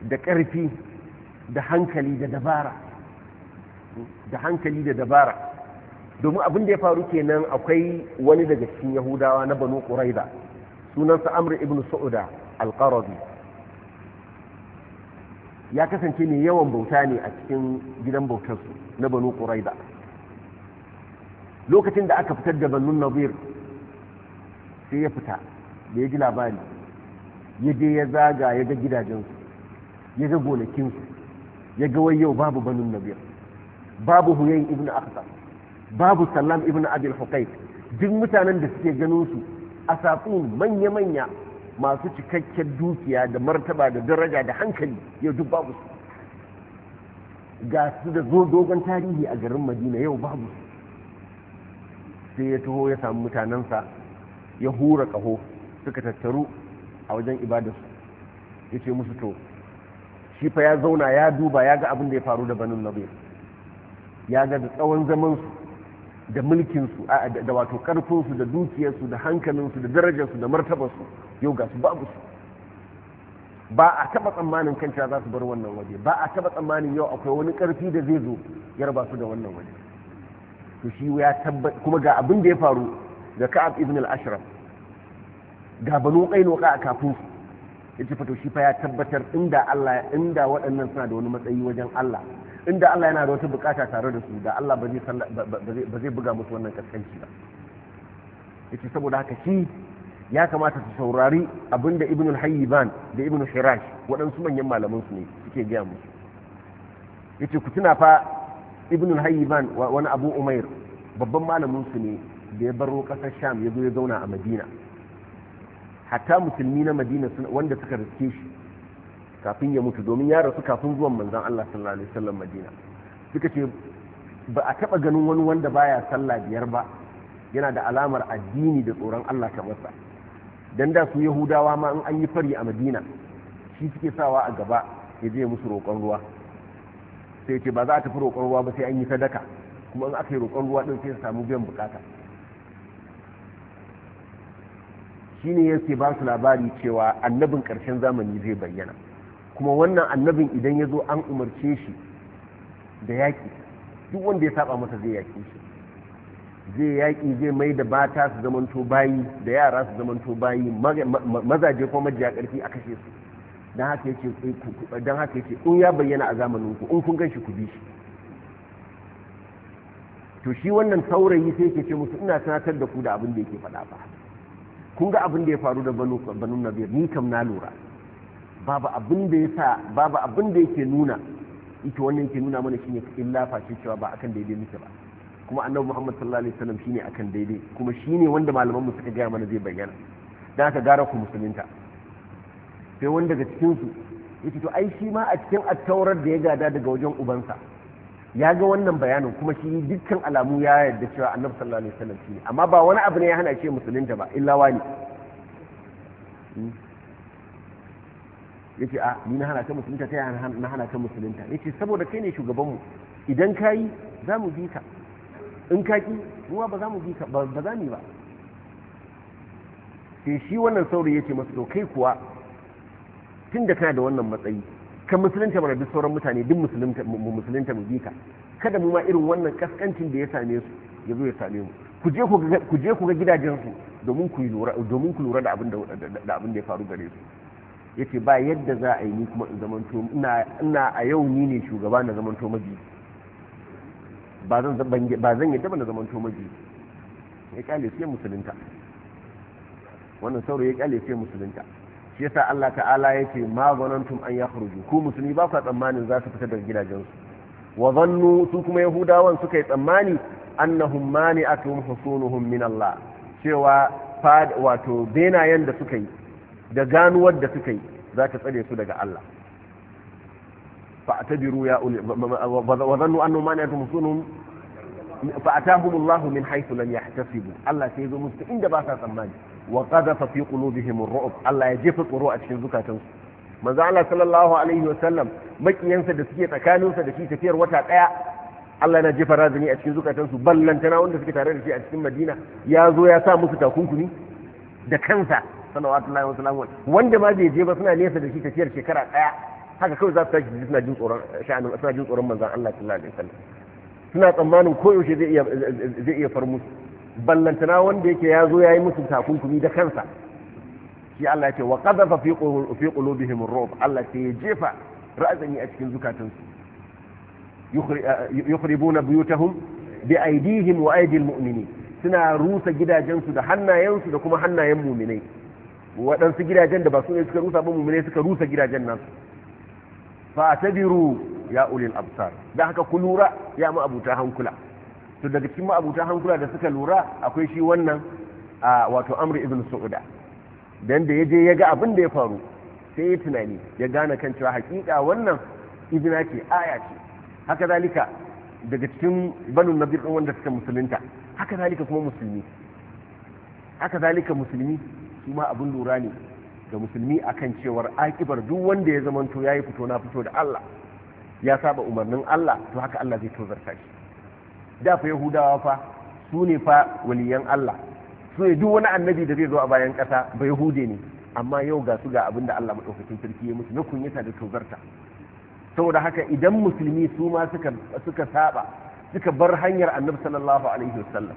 da ƙarfi da hankali da dabara da hankali da dabara domin abin da ya faru kenan akwai wani daga cikin yahudawa na banu ƙuraida sunansa amr ibn sa'uda alƙarabi ya kasance mai yawan bauta ne a cikin gidan bautarsu na banu ƙuraida lokacin da aka fitar da banu nazir sai ya fita da ya ji labari ya je ya zaga ya ga gidajensu ya ga gonakinsu ya ga wai yau babu banu nazir babu huyai ibn aqsa babu sallam ibn abil hukayt duk mutanen da suke ganin su a safin manya-manya masu cikakken dukiya da martaba da daraja da hankali yau duk babu su ga su da zo dogon tarihi a garin madina yau babu su sai ya tuho ya samu mutanensa ya hura ƙaho suka tattaru a wajen ibadarsu ya ce musu to shi fa ya zauna ya duba ya ga abin da ya faru da banin nabi ya ga da tsawon zamansu da mulkinsu da wato karfinsu da dukiyarsu da hankalinsu da darajarsu da martabarsu yau ga su babu su ba a taba tsammanin kanta za su bar wannan waje ba a taba tsammanin yau akwai wani karfi da zai zo ya raba su da wannan waje to shi ya tabbat kuma ga abin da ya faru ga ka'ab ibn al-ashraf ga banu qainu a kafin yace fa to shi fa ya tabbatar inda Allah inda waɗannan suna da wani matsayi wajen Allah inda Allah yana da wata bukata tare da su da Allah ba zai buga musu wannan kaskanci ba yace saboda haka shi ya kamata su saurari abinda ibn al-hayyiban da ibn shirash waɗansu manyan malaman su ne suke gaya musu yace ku tuna fa ibn al-hayyiban wani abu umair babban malamin su ne da ya baro ƙasar sham ya zo ya zauna a madina hatta musulmi na madina wanda suka riske shi kafin ya mutu domin ya rasu kafin zuwan manzan Allah sallallahu alaihi wasallam Madina suka ce ba a taba ganin wani wanda baya sallah biyar ba yana da alamar addini da tsoron Allah kamar sa dan da su Yahudawa ma in an yi fari a Madina shi suke sawa a gaba ya je musu roƙon ruwa sai ce ba za a tafi roƙon ruwa ba sai an yi sadaka kuma in aka yi roƙon ruwa din sai su samu biyan bukata shine yake ba su labari cewa annabin ƙarshen zamani zai bayyana kuma wannan annabin idan ya zo an umarce shi da yaƙi duk wanda ya saba masa zai yaƙi shi zai yaƙi zai mai da bata su zamanto bayi da yara su zamanto bayi mazaje ko majiya ƙarfi a kashe su don haka yake eh, don haka in ya bayyana a zamanin ku in kun gan shi ku bi shi to shi wannan saurayi sai yake ce musu ina sanatar da ku da abin da yake faɗa ba kun ga abin da ya faru da banu nazir ni kam na lura babu abin da yasa babu abin da yake nuna ita wannan yake nuna mana shine illa face cewa ba akan daidai muke ba kuma annabi Muhammad sallallahu alaihi wasallam shine akan daidai kuma shine wanda malaman mu suka gaya mana zai bayyana dan aka gara ku musulunta sai wanda daga cikin su yace to ai shi ma a cikin attaurar da ya gada daga wajen ubansa ya ga wannan bayanin kuma shi dukkan alamu ya yarda cewa annabi sallallahu alaihi wasallam shine amma ba wani abu ne ya hana shi musulunta ba illa wani hmm. yace a ni na hana ta musulunta ta yana na hana ta musulunta yace saboda kai ne shugabanmu idan ka yi za mu bi ka in ka ki ruwa ba za mu bi ka ba za mu ba sai shi wannan saurayi yace masu to kai kuwa tun da kana da wannan matsayi ka musulunta mana duk sauran mutane duk musulunta mu musulunta mu bi ka kada mu ma irin wannan kaskancin da ya same su ya zo ya same mu ku je ku ga gidajensu domin ku lura da abin da ya faru gare su yace ba yadda za a yi ni kuma in zamanto ina a yau ni ne shugaba na zamanto maji ba zan ba zan yadda ba na zamanto maji ya kyale sai musulunta wannan sauro ya kyale sai musulunta shi yasa Allah ta'ala ce ma zanantum an ya yakhruju ku musulmi ba ku tsammanin za su fita daga gidajensu wa zannu su kuma yahudawan suka yi tsammani annahum akum husunuhum min Allah cewa fad wato benayen da suka yi da ganuwar da suka yi za ta tsare su daga Allah Fa fa'tabiru ya uli wa zannu annahum mani'atum Fa fa'atahum Allah min haythu lam yahtasibu Allah sai zo musu inda ba sa tsammani wa qadhafa fi qulubihim ar-ru'b Allah ya jefa tsoro a cikin zukatansu manzo Allah sallallahu alaihi wa sallam makiyansa da suke tsakaninsa da shi tafiyar wata daya Allah na jefa razani a cikin zukatansu ballantana wanda suke tare da shi a cikin Madina ya zo ya sa musu takunkumi da kansa salawatullahi wa salamu wanda ma bai je ba suna nesa da shi tafiyar shekara daya haka kawai za su tashi suna jin tsoron sha'anin suna jin tsoron manzon Allah sallallahu alaihi wasallam suna tsammanin koyaushe zai iya zai iya far musu ballantana wanda yake ya zo yayi musu takunkumi da kansa shi Allah ce wa qadhafa fi fi qulubihim ar-ru'b Allah ce ya jefa ra'azani a cikin zukatansu yukhribuna buyutahum bi aydihim wa aydil mu'minin suna rusa gidajensu da hannayensu da kuma hannayen mu'minai waɗansu gidajen da ba su ne suka rusa ba mummune suka rusa gidajen nasu fa tabiru ya ulil absar da haka ku lura ya ma abuta hankula to daga cikin ma abuta hankula da suka lura akwai shi wannan a wato amri ibn su'uda dan da yaje ya ga abin da ya faru sai ya tunani ya gane kan cewa hakika wannan izina ce aya ce haka zalika daga cikin banu nabi wanda suka musulunta haka zalika kuma musulmi haka zalika musulmi su ma abin lura ne ga musulmi akan cewar akibar duk wanda ya zamanto ya yi fito na fito da Allah ya saba umarnin Allah to haka Allah zai tozarta shi da fa yahudawa fa su ne fa waliyan Allah su ne duk wani annabi da zai zo a bayan ƙasa ba yahude ne amma yau ga su ga abin da Allah maɗaukakin sarki ya musu na kunyata da tozarta saboda haka idan musulmi su ma suka suka saba suka bar hanyar annabi sallallahu alaihi wasallam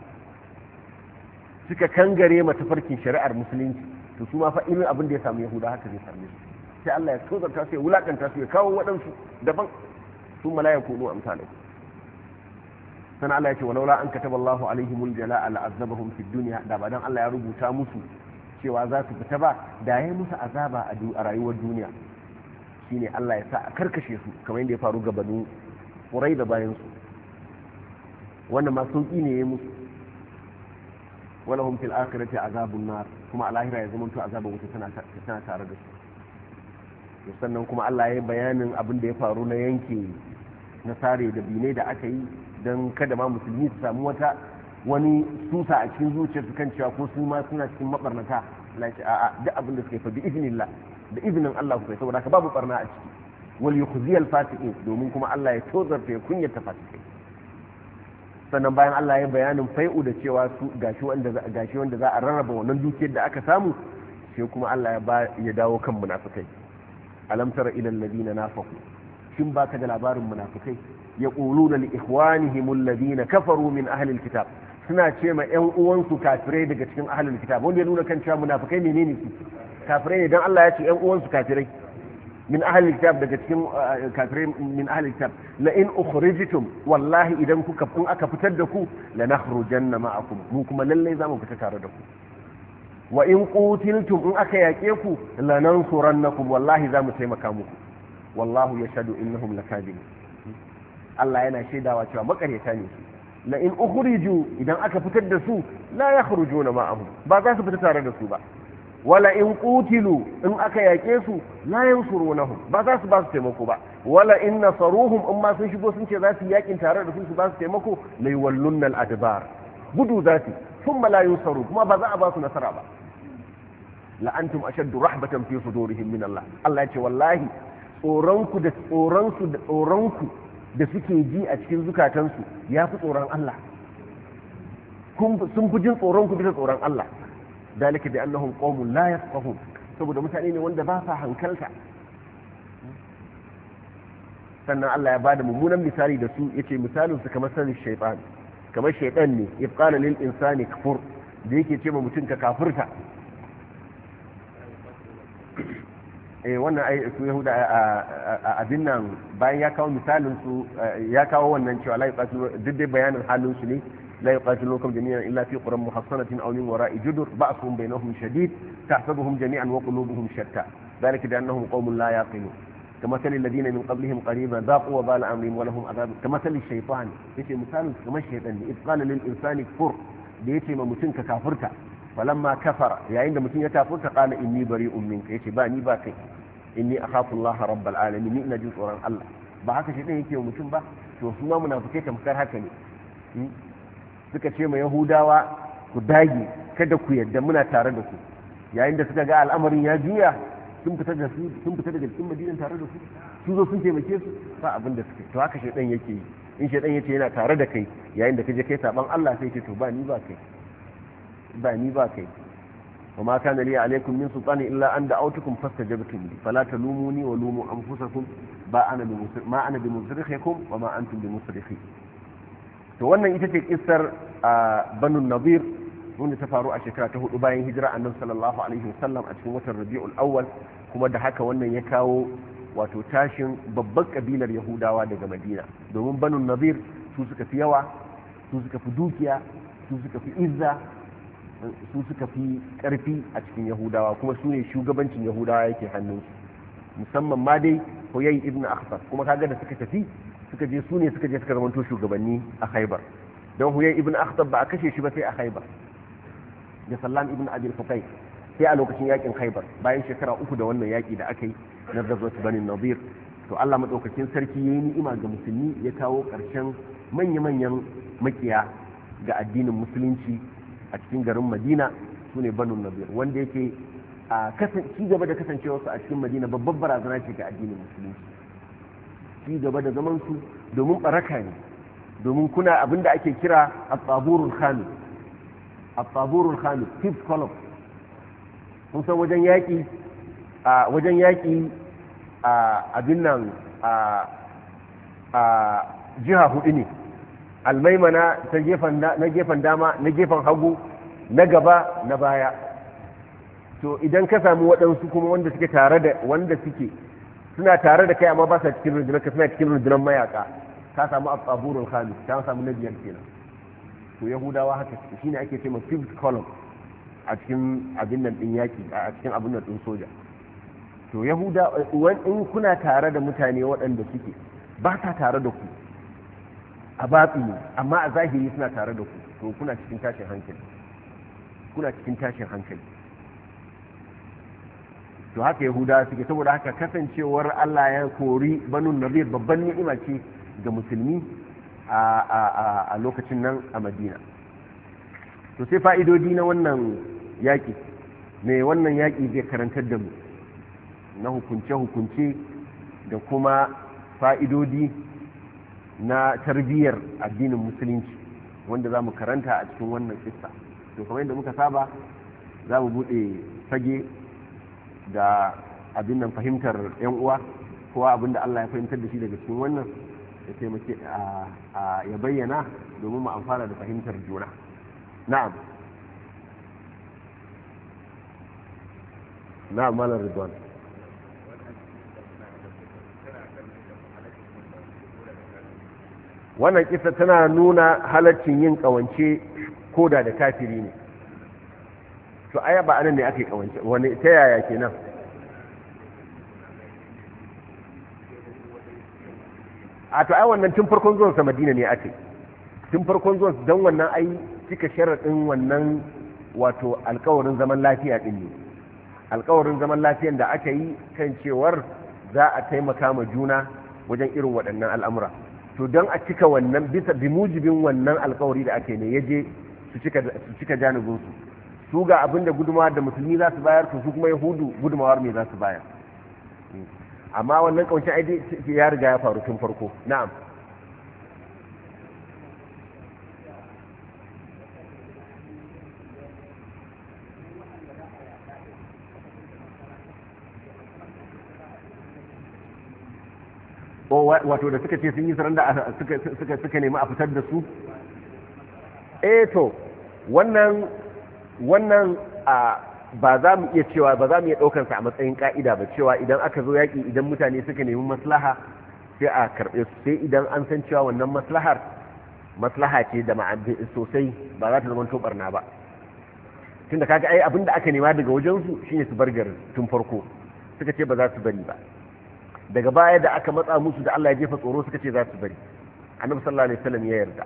suka kangare mata farkin shari'ar musulunci to su ma fa irin abin da ya samu yahuda haka zai same su sai Allah ya tozarta su ya wulakanta su ya kawo waɗansu daban su mala'iku amsa ne sana Allah ya ce walaula an kataba Allahu alaihimul jala'a la'azzabahum fid dunya da ba dan Allah ya rubuta musu cewa za su fita ba da ya musu azaba a rayuwar duniya shine Allah ya sa a karkashe su kamar yadda ya faru ga banu Qurayza bayan su wannan ma sun ne ya musu wala hum fil akhirati azabun nar kuma a lahira ya zama to azabun wuta tana tana tare da su sannan kuma Allah ya yi bayanin abin da ya faru na yanke na sare da bine da aka yi don kada ma musulmi su samu wata wani susa a cikin zuciyar su kan cewa ko su ma suna cikin mabarnata lafi a'a duk abin da suka yi fa bi iznillah da izinin Allah ku kai saboda ka babu barna a ciki wal yukhziyal fasiqin domin kuma Allah ya tozarta ya kunyata fasikai sannan bayan Allah ya bayanin fai'u da cewa su gashi wanda gashi wanda za a rarraba wannan dukiyar da aka samu sai kuma Allah ya ba ya dawo kan munafikai alam tara ila alladhina nafaqu shin ba ka da labarin munafikai yaquluna li ikhwanihim alladhina kafaru min ahli alkitab suna ce ma ƴan uwansu kafirai daga cikin ahli kitab wanda ya nuna kan cewa munafikai menene su kafirai ne dan Allah ya ce ƴan uwansu kafirai min ahli kitab daga cikin kafirai min ahli kitab la in ukhrijtum wallahi idan kuka kun aka fitar da ku la nakhrujanna ma'akum mu kuma lalle zamu fita tare da ku wa in qutiltum in aka yake ku la nansurannakum wallahi zamu taimaka muku wallahu yashhadu innahum lakadibun Allah yana shaidawa cewa makaryata ne su la in ukhriju idan aka fitar da su la yakhrujuna ma'ahum ba za su fita tare da su ba wala in qutilu in aka yake su la nahum ba za su ba su taimako ba wala in nasaruhum in ma sun shigo sun ce za su yakin tare da su su ba su taimako la yawallunna al adbar gudu za su thumma la yansaru kuma ba za a ba su nasara ba la antum ashaddu rahbatan fi sudurihim min Allah Allah yace wallahi tsoronku da tsoransu da tsoranku da suke ji a cikin zukatansu ya fi tsoron Allah sun fi jin tsoronku bisa tsoron Allah ذلك بأنهم قوم لا يفقهون سبب saboda mutane ne wanda ba sa hankalta sannan Allah ya bada مثال misali da su yace misalin su kamar sanin shaytan kamar shaytan ne eh wannan ai su yahuda a abin nan bayan ya kawo misalin su eh, ya kawo wannan cewa la yaqatu duk dai bayanin halin su ne لا يقاتلونكم جميعا إلا في قرى محصنة أو من وراء جدر بأسهم بينهم شديد تحسبهم جميعا وقلوبهم شتى ذلك بأنهم قوم لا يعقلون كمثل الذين من قبلهم قريبا ذاقوا وبال أمرهم ولهم عذاب كمثل الشيطان يتي مثال كما الشيطان إذ قال للإنسان كفر يتي ما متنك كافرك فلما كفر يا عند متن يكافرك قال إني بريء منك يتي باني باكي إني أخاف الله رب العالمين إن جزء الله ba haka shi ɗin yake wa mutum ba to su ma munafukai tamkar haka ne suka ce ma yahudawa ku dage kada ku yadda muna tare da ku yayin da suka ga al'amarin ya juya sun fita da su sun fita daga cikin madinan tare da su su zo sun taimake su ba abin da suke to haka shedan yake yi in shedan yace yana tare da kai yayin da kaje kai saban Allah sai ce to ba ni ba kai ba ni ba kai wa ma kana li alaikum min sultani illa an da'awtukum fastajabtum li fala talumuni wa lumu anfusakum ba ana bi ma ana bi musrikhikum wa ma antum bi to wannan ita ce kissar Banun nadir wanda ta faru a shekara ta hudu bayan hijira annabi sallallahu alaihi wasallam a cikin watan rabi'ul awwal kuma da haka wannan ya kawo wato tashin babban kabilar yahudawa daga madina domin Banun nadir su suka fi yawa su suka fi dukiya su suka fi izza su suka fi karfi a cikin yahudawa kuma su ne shugabancin yahudawa yake hannunsu musamman ma dai huyai ibn akhtar kuma kaga da suka tafi suka je su ne suka je suka zamanto shugabanni a haibar don huyai ibn akhtab ba a kashe shi ba sai a haibar da sallam ibn abil fatai sai a lokacin yakin haibar bayan shekara uku da wannan yaki da aka yi na gazwat bani nadir to Allah madaukakin sarki ya yi ni'ima ga musulmi ya kawo karshen manya-manyan makiya ga addinin musulunci a cikin garin Madina sune banu nadir wanda yake a kasance gaba da kasancewarsu a cikin Madina babbar barazana ce ga addinin musulunci ci gaba da zaman su domin baraka ne domin kuna abin da ake kira a taburul khamis a taburul khamis fifth column kun san wajen yaƙi a wajen yaƙi a abin nan a jiha hudu ne almaimana na gefen dama na gefen hagu na gaba na baya to idan ka sami waɗansu kuma wanda suke tare da wanda suke suna tare da kai amma ba sa cikin rundunar suna cikin rundunar mayaka ka samu aburul khamis ka samu na biyar kenan to yahudawa haka shine ake cewa fifth column a cikin abin nan din yaki a cikin abin nan din soja to yahuda in kuna tare da mutane waɗanda suke ba sa tare da ku a batsini amma a zahiri suna tare da ku to kuna cikin tashin hankali kuna cikin tashin hankali to haka yahuda suke saboda haka kasancewar Allah ya kori banu nadir babban ni'ima ce ga musulmi a lokacin nan a madina to sai fa'idodi na wannan yaƙi mai wannan yaƙi zai karantar da mu na hukunce-hukunce da kuma fa'idodi na tarbiyyar addinin musulunci wanda za mu karanta a cikin wannan kissa to kamar yadda muka saba za mu buɗe fage da abin nan fahimtar yan uwa kowa abin da Allah ya fahimtar da shi daga cikin wannan ya taimake ya bayyana domin mu amfana da fahimtar juna na'am na'am malam ridwan wannan kisa tana nuna halaccin yin kawance koda da kafiri ne to aya ba anan ne ake kawance wani ta yaya kenan a to ai wannan tun farkon zuwan sa Madina ne ake tun farkon zuwan dan wannan ai cika sharadin wannan wato alkawarin zaman lafiya din ne alkawarin zaman lafiyan da aka yi kan cewar za a taimaka ma juna wajen irin waɗannan al'amura to don a cika wannan bisa bi mujibin wannan alkawari da ake ne ya je su cika janubinsu su ga abin da gudunmawar da musulmi za su bayar su kuma yahudu gudunmawar me za su bayar amma wannan kawancin aidi ya riga ya faru tun farko na'am wato da suka ce sun yi da suka nemi a fitar da su eto eh to wannan wannan ba za mu iya cewa ba za mu iya ɗaukansa a matsayin ƙa'ida ba cewa idan aka zo yaƙi idan mutane suka nemi maslaha sai a karɓe su sai idan an san cewa wannan maslahar maslaha ce da ma'adin sosai ba za ta zama na ba tun da kaga ai abin da aka nema daga wajensu shine su bar garin tun farko suka ce ba za su bari ba daga baya da aka matsa musu da Allah ya jefa tsoro suka ce za su bari annabi sallallahu alaihi wasallam ya yarda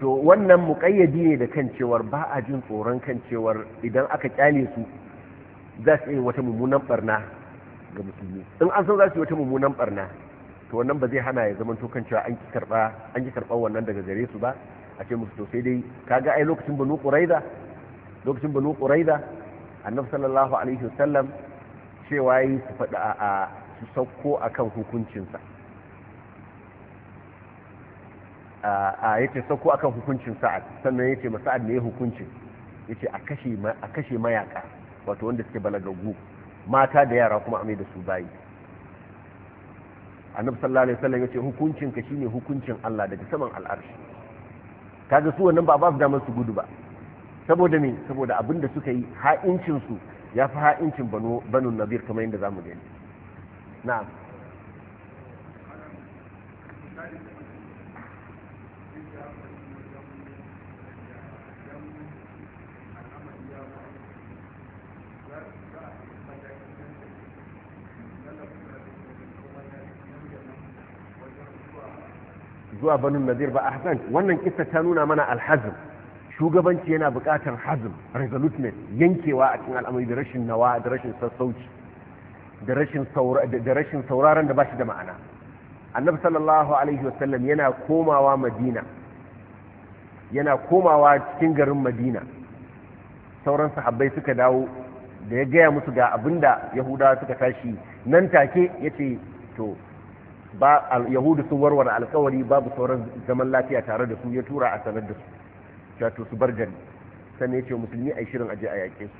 to wannan muƙayyadi ne da kan cewar ba a jin tsoron kan cewar idan aka kyale su za su yi wata mummunan barna ga musulmi in an san za su yi wata mummunan barna to wannan ba zai hana ya zama to kan cewa an ki karba wannan daga gare su ba a ce musu to sai dai ga ai lokacin banu quraiza lokacin banu quraiza annabi sallallahu alaihi wasallam cewa yi su faɗa a su sauko akan hukuncinsa a yace sauko akan hukuncin sa'ad sannan yace ma sa'ad ne ya hukuncin yace a kashe a kashe mayaka wato wanda suke balagagu mata da yara kuma amai da su bayi annabi sallallahu alaihi wasallam ce hukuncin ka shine hukuncin Allah daga saman al'arshi kaga su wannan ba ba su damar su gudu ba saboda me saboda abin da suka yi ha'incin su ya fi ha'incin banu banu nadir kamar yadda zamu gani na'am zuwa banin nazir ba ahsan wannan kisa ta nuna mana alhazm shugabanci yana buƙatar hazm resoluteness yankewa a cikin al'amari da rashin nawa da rashin sassauci da rashin sauraron da bashi da ma'ana annabi sallallahu alaihi wasallam yana komawa madina yana komawa cikin garin madina sauran sahabbai suka dawo da ya gaya musu ga abinda yahudawa suka tashi nan take yace to ba yahudu sun warware alkawari babu sauran zaman lafiya tare da su ya tura a sanar da su wato su bar gari sannan ya ce musulmi a shirin aje a yaƙe su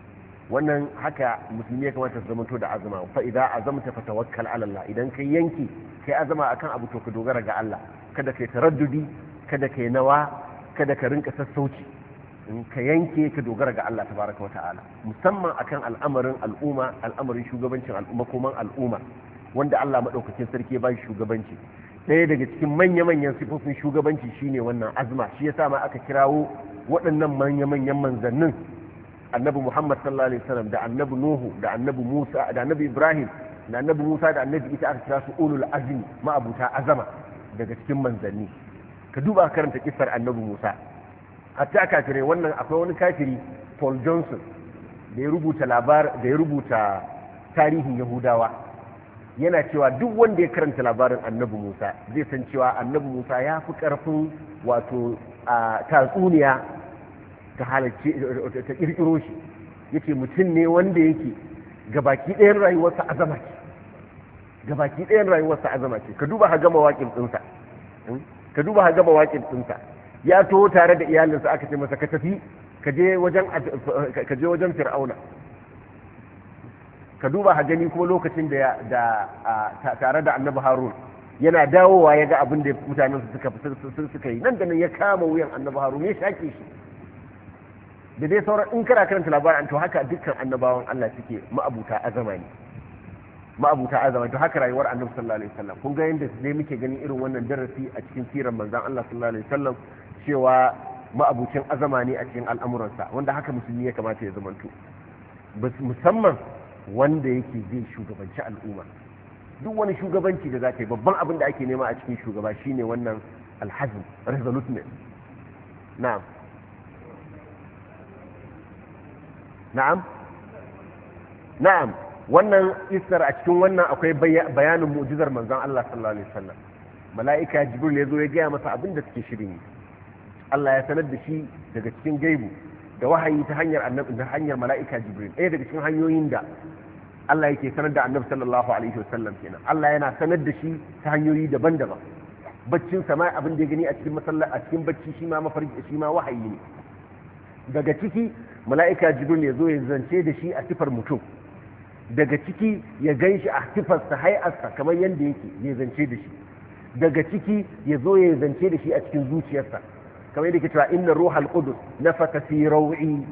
wannan haka musulmi ya kamata su zamanto da azama fa idan azamta fa tawakkal ala Allah idan kai yanki kai azama akan abu to ka dogara ga Allah kada kai taraddudi kada kai nawa kada ka rinka sassauci in ka yanke ka dogara ga Allah tabaraka wa ta'ala musamman akan al'amarin al'umma al'amarin shugabancin al'umma koman al'umma wanda Allah maɗaukacin sarki ba shugabanci ɗaya daga cikin manya-manyan sifofin shugabanci shine wannan azma shi yasa ma aka kirawo waɗannan manya-manyan manzannin annabi Muhammad sallallahu alaihi wasallam da annabi Nuhu da annabi Musa da annabi Ibrahim da annabi Musa da annabi Isa aka kira su ulul azmi ma'abuta azama daga cikin manzanni ka duba karanta kissar annabi Musa hatta kafirai wannan akwai wani kafiri Paul Johnson da ya rubuta labar da ya rubuta tarihin Yahudawa yana cewa duk wanda ya karanta labarin annabi musa zai san cewa annabi musa ya fi karfin wato tatsuniya ta halarci ta kirkiro shi yake mutum ne wanda yake gabaki ɗayan rayuwarsa azama ce gabaki ɗayan rayuwarsa azama ce ka duba ha gama waƙin ɗinsa hmm? ka duba ha gama waƙin ɗinsa ya to tare da iyalinsa aka ce masa ka tafi ka je wajen fir'auna ka duba ha gani kuma lokacin da tare da annabi harun yana dawowa ya ga abin da mutanen su suka yi nan da nan ya kama wuyan annabi harun ya shake shi da dai sauran in kana karanta labarin to haka dukkan annabawan Allah suke ma'abuta a zamani ma'abuta zamani to haka rayuwar annabi sallallahu alaihi wasallam kun ga yanda dai muke ganin irin wannan darasi a cikin sirar manzon Allah sallallahu alaihi wasallam cewa ma'abucin azamani a cikin al'amuransa wanda haka musulmi ya kamata ya zamanto musamman wanda yake zai shugabanci al'umma duk wani shugabanci da za ka yi babban abin da ake nema a cikin shugaba shine wannan alhazm resoluteness na'am na'am na'am wannan isar a cikin wannan akwai bayanin mu'jizar manzon Allah sallallahu alaihi wasallam mala'ika jibril ya zo ya gaya masa abin da suke shirin yi Allah ya sanar da shi daga cikin gaibu da wahayi ta hanyar annabi da hanyar mala'ika jibril ɗaya daga cikin hanyoyin da Allah yake sanar da annabi sallallahu alaihi wasallam kenan Allah yana sanar da shi ta hanyoyi daban-daban baccin sama abin da ya gani a cikin masalla a cikin bacci shi ma mafarki shi ma wahayi ne daga ciki mala'ika jibril ya zo ya zance da shi a sifar mutum daga ciki ya gan shi a sa hai'arsa kamar yadda yake ya zance da shi daga ciki ya zo ya zance da shi a cikin zuciyarsa kamar yadda ke cewa inna ruhal qudus nafaka fi raw'i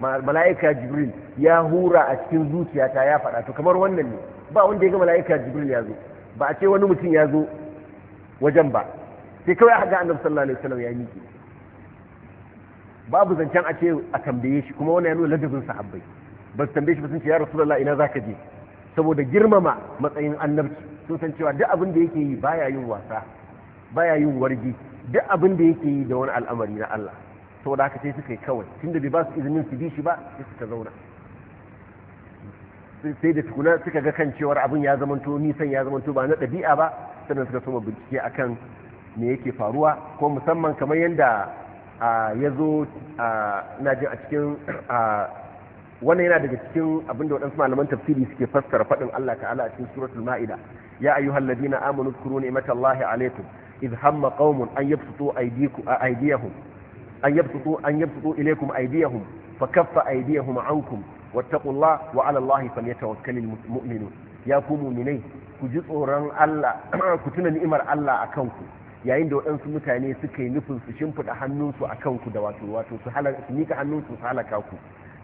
mala'ika jibril ya hura a cikin zuciyata ya faɗa to kamar wannan ne ba wanda ya ga mala'ika jibril ya zo ba a ce wani mutum ya zo wajen ba sai kawai a ga annabi sallallahu alaihi wasallam ya miƙe babu zancen a ce a tambaye shi kuma wannan ya nuna ladabin sahabbai ba su tambaye shi ba sun ce ya rasulullahi ina zaka je saboda girmama matsayin annabci sun san cewa duk abin da yake yi baya yin wasa baya yin wargi duk abin da yake yi da wani al'amari na Allah da aka ce suka yi kawai tunda bai ba su izinin su bi shi ba sai suka zauna sai da tukuna suka ga kan cewar abin ya zamanto nisan ya zamanto ba na ɗabi'a ba sannan suka soma bincike kan me yake faruwa ko musamman kamar yadda ya zo na jin a cikin wannan yana daga cikin abinda waɗansu malaman tafsiri suke fassara faɗin Allah ta'ala a cikin suratul ma'ida ya ayyuhal ladina amanu zkuru ni'matallahi alaikum idh hamma qaumun an yabsutu aydiyakum an yabsutu an yabsutu ilaykum aydiyahum fa kaffa aydiyahum ankum wattaqullaha wa 'ala Allahi falyatawakkalul mu'minun ya ku mu'minai ku ji tsoron Allah [CLEARS THROAT] ku tuna ni'imar Allah akan ku yayin da waɗansu mutane suka yi nufin su shimfiɗa hannunsu a kanku da wato wato su halaka mika hannunsu su halaka ku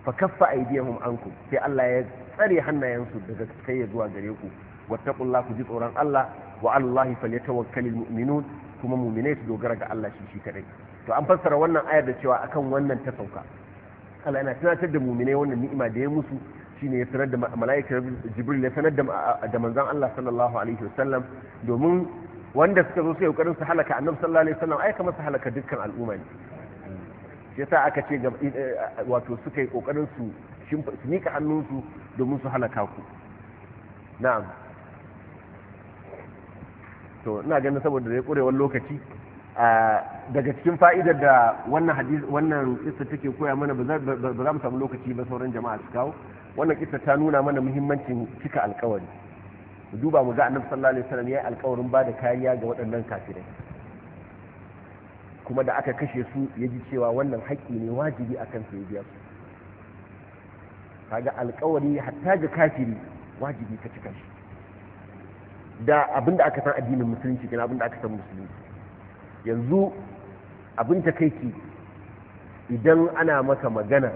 fa kaffa aydiyahum ankum sai Allah ya tsare hannayensu daga kai ya zuwa gare ku wattaqullaha ku ji tsoron Allah wa 'ala Allahi falyatawakkalul mu'minun kuma mu'minai su dogara ga Allah shi shi kadai to an fassara wannan ayar da cewa akan wannan ta sauka Allah yana tunatar da mu'minai wannan ni'ima da ya musu shine ya sanar da mala'ikar Jibril ya sanar da manzon Allah sallallahu alaihi wasallam domin wanda suka zo sai kokarin su halaka annabi sallallahu alaihi wasallam ai kamar su halaka dukkan al'umma ne Ya yasa aka ce eh, eh, wato suka yi kokarin su su mika hannunsu domin su halaka ku na'am to ina ganin saboda da ya kurewar lokaci daga cikin fa'idar da wannan hadis wannan kisa take koya mana ba za mu samu lokaci ba sauran jama'a su kawo wannan kisa ta nuna mana muhimmancin cika alkawari duba mu ga annabi sallallahu alaihi wasallam yayi alkawarin ba da kariya ga waɗannan kafirai kuma da aka kashe su ya ji cewa wannan haƙƙi ne wajibi akan su ya biya su kaga alkawari hatta ga kafiri wajibi ka cika shi da abinda aka san addinin musulunci kenan abinda aka san musulunci yanzu abin ta takaici idan ana maka magana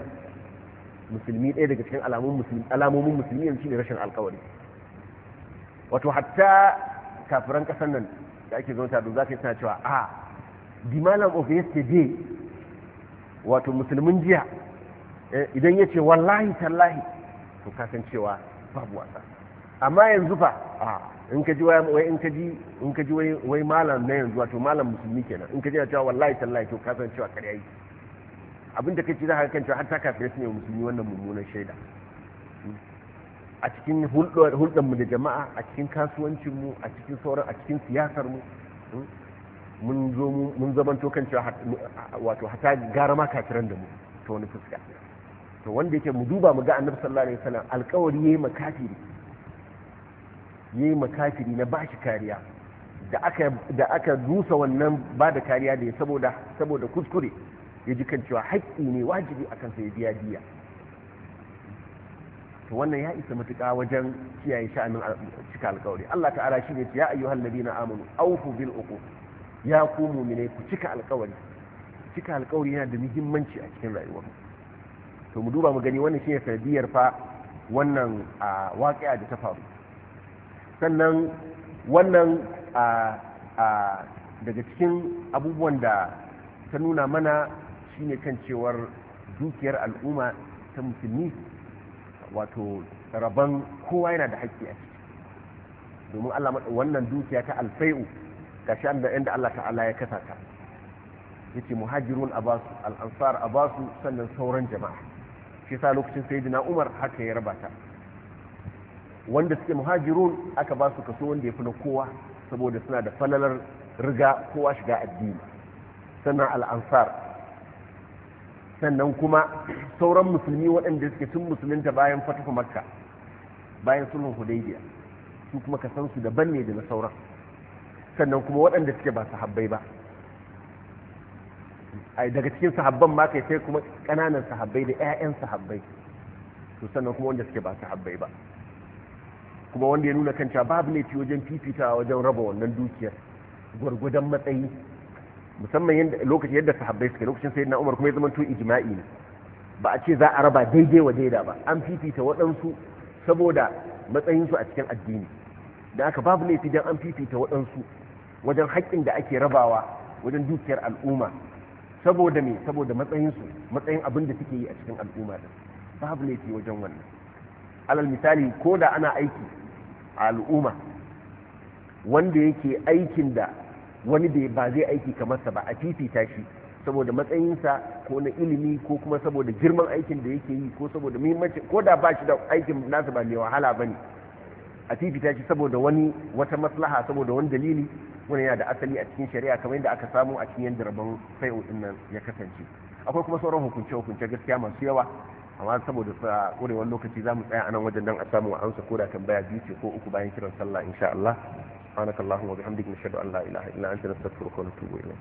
musulmi ɗaya daga cikin alamomin musulmi yanzu shi ne rashin alkawari wato hatta kafiran ƙasar nan da ake zama ta za ka yi suna cewa a di malam of yesterday wato musulmin jiya eh, idan ya ce wallahi tallahi to kasancewa babu wasa amma yanzu fa in ka ji wai in ka ji in ka ji wai malam na yanzu wato malam musulmi kenan in ka ji cewa wallahi tallahi to ka san cewa ƙarya yi abin da kace za ka kan cewa har ta kafirai su ne musulmi wannan mummunan shaida a cikin hulɗar mu da jama'a a cikin kasuwancin mu a cikin sauran a cikin siyasar mu hmm, mun zo mun zamanto kan cewa wato hata gara ma kafiran da mu ta wani fuska to wanda yake mu duba mu ga annabi sallallahu alaihi wasallam alƙawari yayi makafiri yayi makafiri na bashi kariya da aka dusa wannan ba da kariya da ya saboda kuskure ya ji kan cewa haƙƙi ne wajibi a kansa ya biya to wannan ya isa matuƙa wajen kiyaye sha'anin cika alƙawari Allah ta'ala shi ne ya ayyuhal ladina amanu awfu bil uqud ya ku mu'mine ku cika alƙawari cika alƙawari yana da muhimmanci a cikin rayuwar to mu duba mu gani wannan shine sanadiyar fa wannan waƙi'a da ta faru sannan wannan daga cikin abubuwan da ta nuna mana shine kan cewar dukiyar al'umma ta musulmi wato rabon kowa yana da haƙƙi a ciki domin Allah wannan dukiya ta alfai'u gashi an da inda Allah ta'ala ya kasa ta yace muhajirun abasu al-ansar abasu sannan sauran jama'a shi sa lokacin sayyidina Umar haka ya raba ta wanda suke muhajirun aka ba su kaso wanda ya fi na kowa saboda suna da falalar riga kowa shiga addini sannan al'ansar sannan kuma sauran musulmi waɗanda suke tun musulunta bayan fatafa makka bayan sulhun hudaybiya su kuma ka san su daban ne da na sauran sannan kuma waɗanda suke ba sahabbai ba daga cikin sahabban ma kai sai kuma ƙananan sahabbai da 'ya'yan sahabbai to sannan kuma wanda suke ba sahabbai ba kuma wanda ya nuna kanta babu laifi wajen fifita wajen raba wannan dukiyar gwargwadon matsayi musamman lokacin yadda sahabbai suke lokacin sayyidina Umar kuma ya zama to ijma'i ne ba a ce za a raba daidai wa daida ba an fifita waɗansu saboda matsayinsu a cikin addini da aka babu laifi don an fifita waɗansu wajen haƙƙin da ake rabawa wajen dukiyar al'umma saboda me saboda matsayinsu matsayin abin da suke yi a cikin al'umma babu laifi wajen wannan alal misali ko da ana aiki a al'umma wanda yake aikin da wani da ba zai aiki kamar sa ba a fifita shi saboda matsayinsa ko na ilimi ko kuma saboda girman aikin da yake yi ko saboda muhimmanci ko da ba shi da aikin nasa ba mai wahala ba ne a fifita shi saboda wani wata maslaha saboda wani dalili wani yana da asali a cikin shari'a kamar yadda aka samu a cikin yadda rabon sai'o'in nan ya kasance akwai kuma sauran hukunce hukunce gaskiya masu yawa amma saboda sa kurewar lokaci za mu tsaya a nan wajen dan a samu a amsa koda tambaya biyu ce ko uku bayan kiran sallah insha Allah subhanakallahumma wa bihamdika nashhadu an la ilaha illa anta nastaghfiruka wa natubu ilayk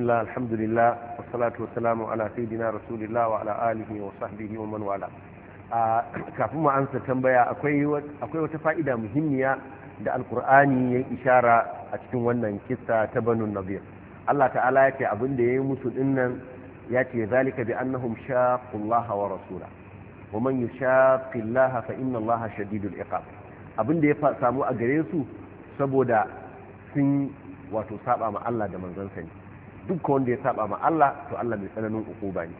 bismillah alhamdulillah wassalatu wassalamu ala sayyidina rasulillah wa wa sahbihi wa man wala ah, kafin mu ansa tambaya akwai akwai wata fa'ida muhimmiya da alkur'ani ya ishara a cikin wannan kisa ta banu nadir Allah ta'ala ya ce abin da yayi musu ɗinnan ya ce zalika bi annahum shaqullaha wa rasula wa man yushaqillaha fa inna allaha shadidul iqab abin da ya samu a gare su saboda sun wato saba ma Allah da manzansa ne dukkan wanda ya saba ma Allah to Allah mai tsananin ukuba ne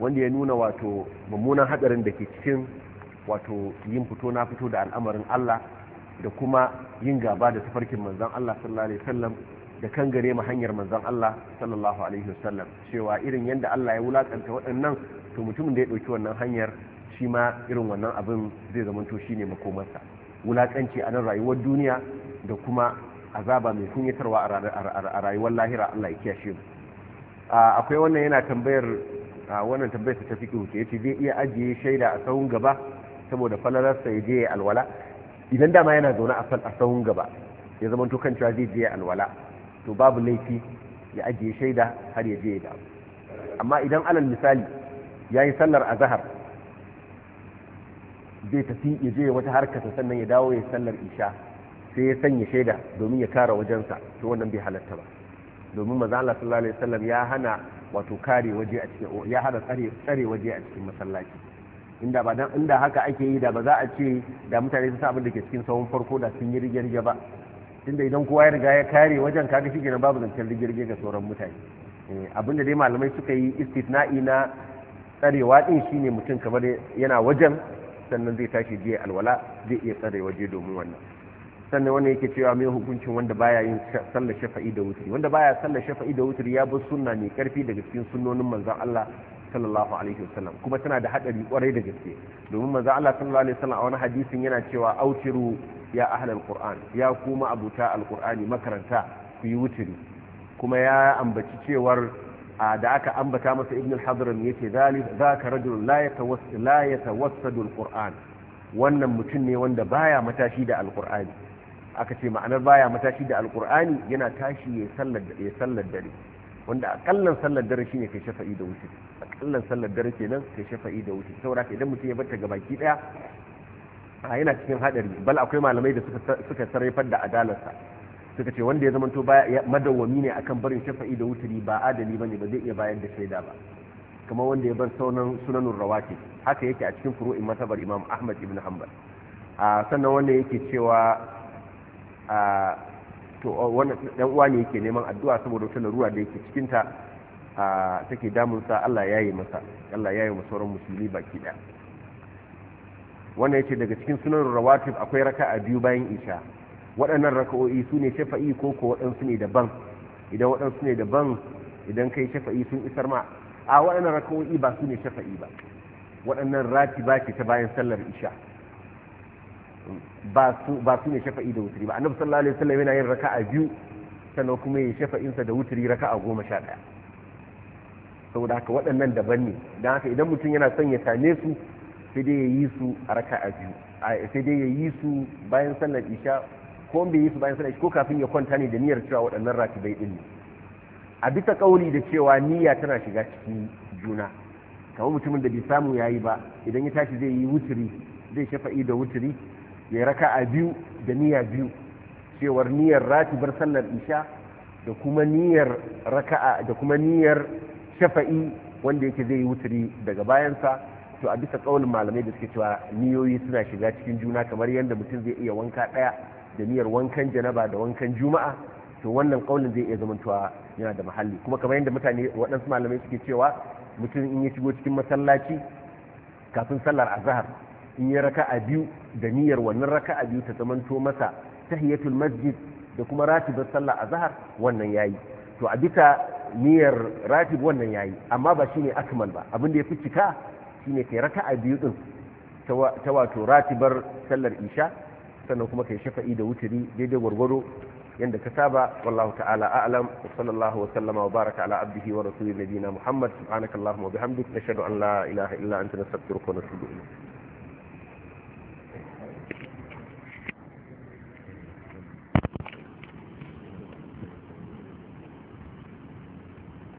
wanda ya nuna wato mummunan hadarin da ke cikin wato yin fito na fito da al'amarin Allah da kuma yin gaba da tafarkin manzon Allah sallallahu alaihi wasallam da kan gare mu hanyar manzon Allah sallallahu alaihi wasallam cewa irin yadda Allah ya wulakanta waɗannan to mutumin da ya ɗauki wannan hanyar shi ma irin wannan abin zai zamanto shine makomarsa wulakanci a nan rayuwar duniya da kuma azaba mai kunyatarwa a rayuwar lahira Allah ya kiyashe mu akwai wannan yana tambayar wannan tambayar ta fiki huce yace zai iya ajiye shaida a sahun gaba saboda falalarsa ya je ya alwala idan dama yana zaune a sahun gaba ya zama to cewa zai je alwala to babu laifi ya ajiye shaida har ya je da. amma idan alal misali ya yi sallar azahar zai tafi ya je wata harkar sannan ya dawo ya sallar isha sai ya sanya shaida domin ya kare wajensa to wannan bai halatta ba domin manzo Allah sallallahu alaihi wasallam ya hana wato kare waje a cikin ya hana tsare tsare waje a cikin masallaci inda ba dan inda haka ake yi da ba za a ce da mutane su sa abin da ke cikin sawun farko da sun yi rigirge ba tunda idan kowa ya riga ya kare wajen kaga shi kenan babu zancen rigirge ga sauran mutane eh, abinda dai malamai suka yi istitna'i na tsarewa din shine mutum kamar yana wajen sannan zai tashi je alwala zai iya tsare waje domin wannan sannan wannan yake cewa mai hukuncin wanda baya yin sallar shafa'i da wuturi wanda baya sallar shafa'i da wuturi ya bar sunna mai karfi daga cikin sunnonin manzon Allah sallallahu alaihi wasallam kuma tana da hadari kwarai da gaske domin manzon Allah sallallahu alaihi wasallam a wani hadisin yana cewa autiru ya ahlal qur'an ya kuma abuta alqur'ani makaranta ku yi wuturi kuma ya ambaci cewar da aka ambata masa ibn al-hadram yace zaka rajulun la yatawassal la yatawassadu quran wannan mutum ne wanda baya matashi da alqur'ani aka ce ma'anar baya matashi da alkur'ani yana tashi ya sallar dare wanda akallan sallar dare shine kai shafa'i da wuce akallan sallar dare kenan kai shafa'i da wuce saboda idan mutum ya bar ga baki daya a yana cikin hadari bal akwai malamai da suka suka sarrafar da adalarsa suka ce wanda ya to baya madawwami ne akan barin shafa'i da wuturi ba adali bane ba zai iya bayar da shaida ba kamar wanda ya bar sunan sunanul rawati haka yake a cikin furu'in masabar imam ahmad ibn hanbal a sannan wanda yake cewa a to wannan dan uwa ne yake neman addu'a saboda wata ruwa da yake cikin ta take damun sa Allah ya yi masa Allah ya yi masa sauran musulmi baki daya wannan yace daga cikin sunan rawatib akwai raka'a biyu bayan isha waɗannan raka'o'i su ne shafa'i ko ko waɗansu ne daban idan waɗansu ne daban idan kai shafa'i sun isar ma a waɗannan raka'o'i ba su ne shafa'i ba waɗannan ratiba ce ta bayan sallar isha ba su ne shafa'i da wuturi ba annabi sallallahu alaihi wasallam yana yin raka'a biyu sannan kuma ya shafa'in sa da wuturi raka'a goma sha ɗaya saboda haka waɗannan daban ne dan haka idan mutum yana son ya same su sai dai ya su a raka'a biyu sai dai ya su bayan sallar isha ko bai yi su bayan sallar isha ko kafin ya kwanta ne da niyyar cewa waɗannan ratibai din ne a bisa kauli da cewa niyya tana shiga cikin juna kamar mutumin da bai samu yayi ba idan ya tashi zai yi wuturi zai shafa'i da wuturi ya raka a biyu da niyya biyu cewar niyyar ratibar sallar isha da kuma niyyar raka'a da kuma niyyar shafa'i wanda yake zai yi wuturi daga bayansa to a bisa kaulin malamai da suke cewa niyoyi suna shiga cikin juna kamar yadda mutum zai iya wanka daya da niyyar wankan janaba da wankan juma'a to wannan kaulin zai iya zamantowa yana da muhalli kuma kamar yadda mutane waɗansu malamai suke cewa mutum in ya shigo cikin masallaci kafin sallar azahar. in yi raka'a biyu da niyyar wannan raka'a biyu ta zamanto masa tahiyatul masjid da kuma ratibar sallah zahar wannan yayi to a bisa niyyar ratib wannan yayi amma ba shine akmal ba abin da ya fi cika shine kai raka biyu din ta wato ratibar sallar isha sannan kuma kai shafa'i da wuturi daidai gwargwaro yadda ka saba wallahu ta'ala a'lam wa sallallahu wa sallama wa baraka ala abdihi wa rasulih nabiyina muhammad subhanakallahumma wa bihamdik nashhadu an la ilaha illa anta nastaghfiruka wa natubu ilayk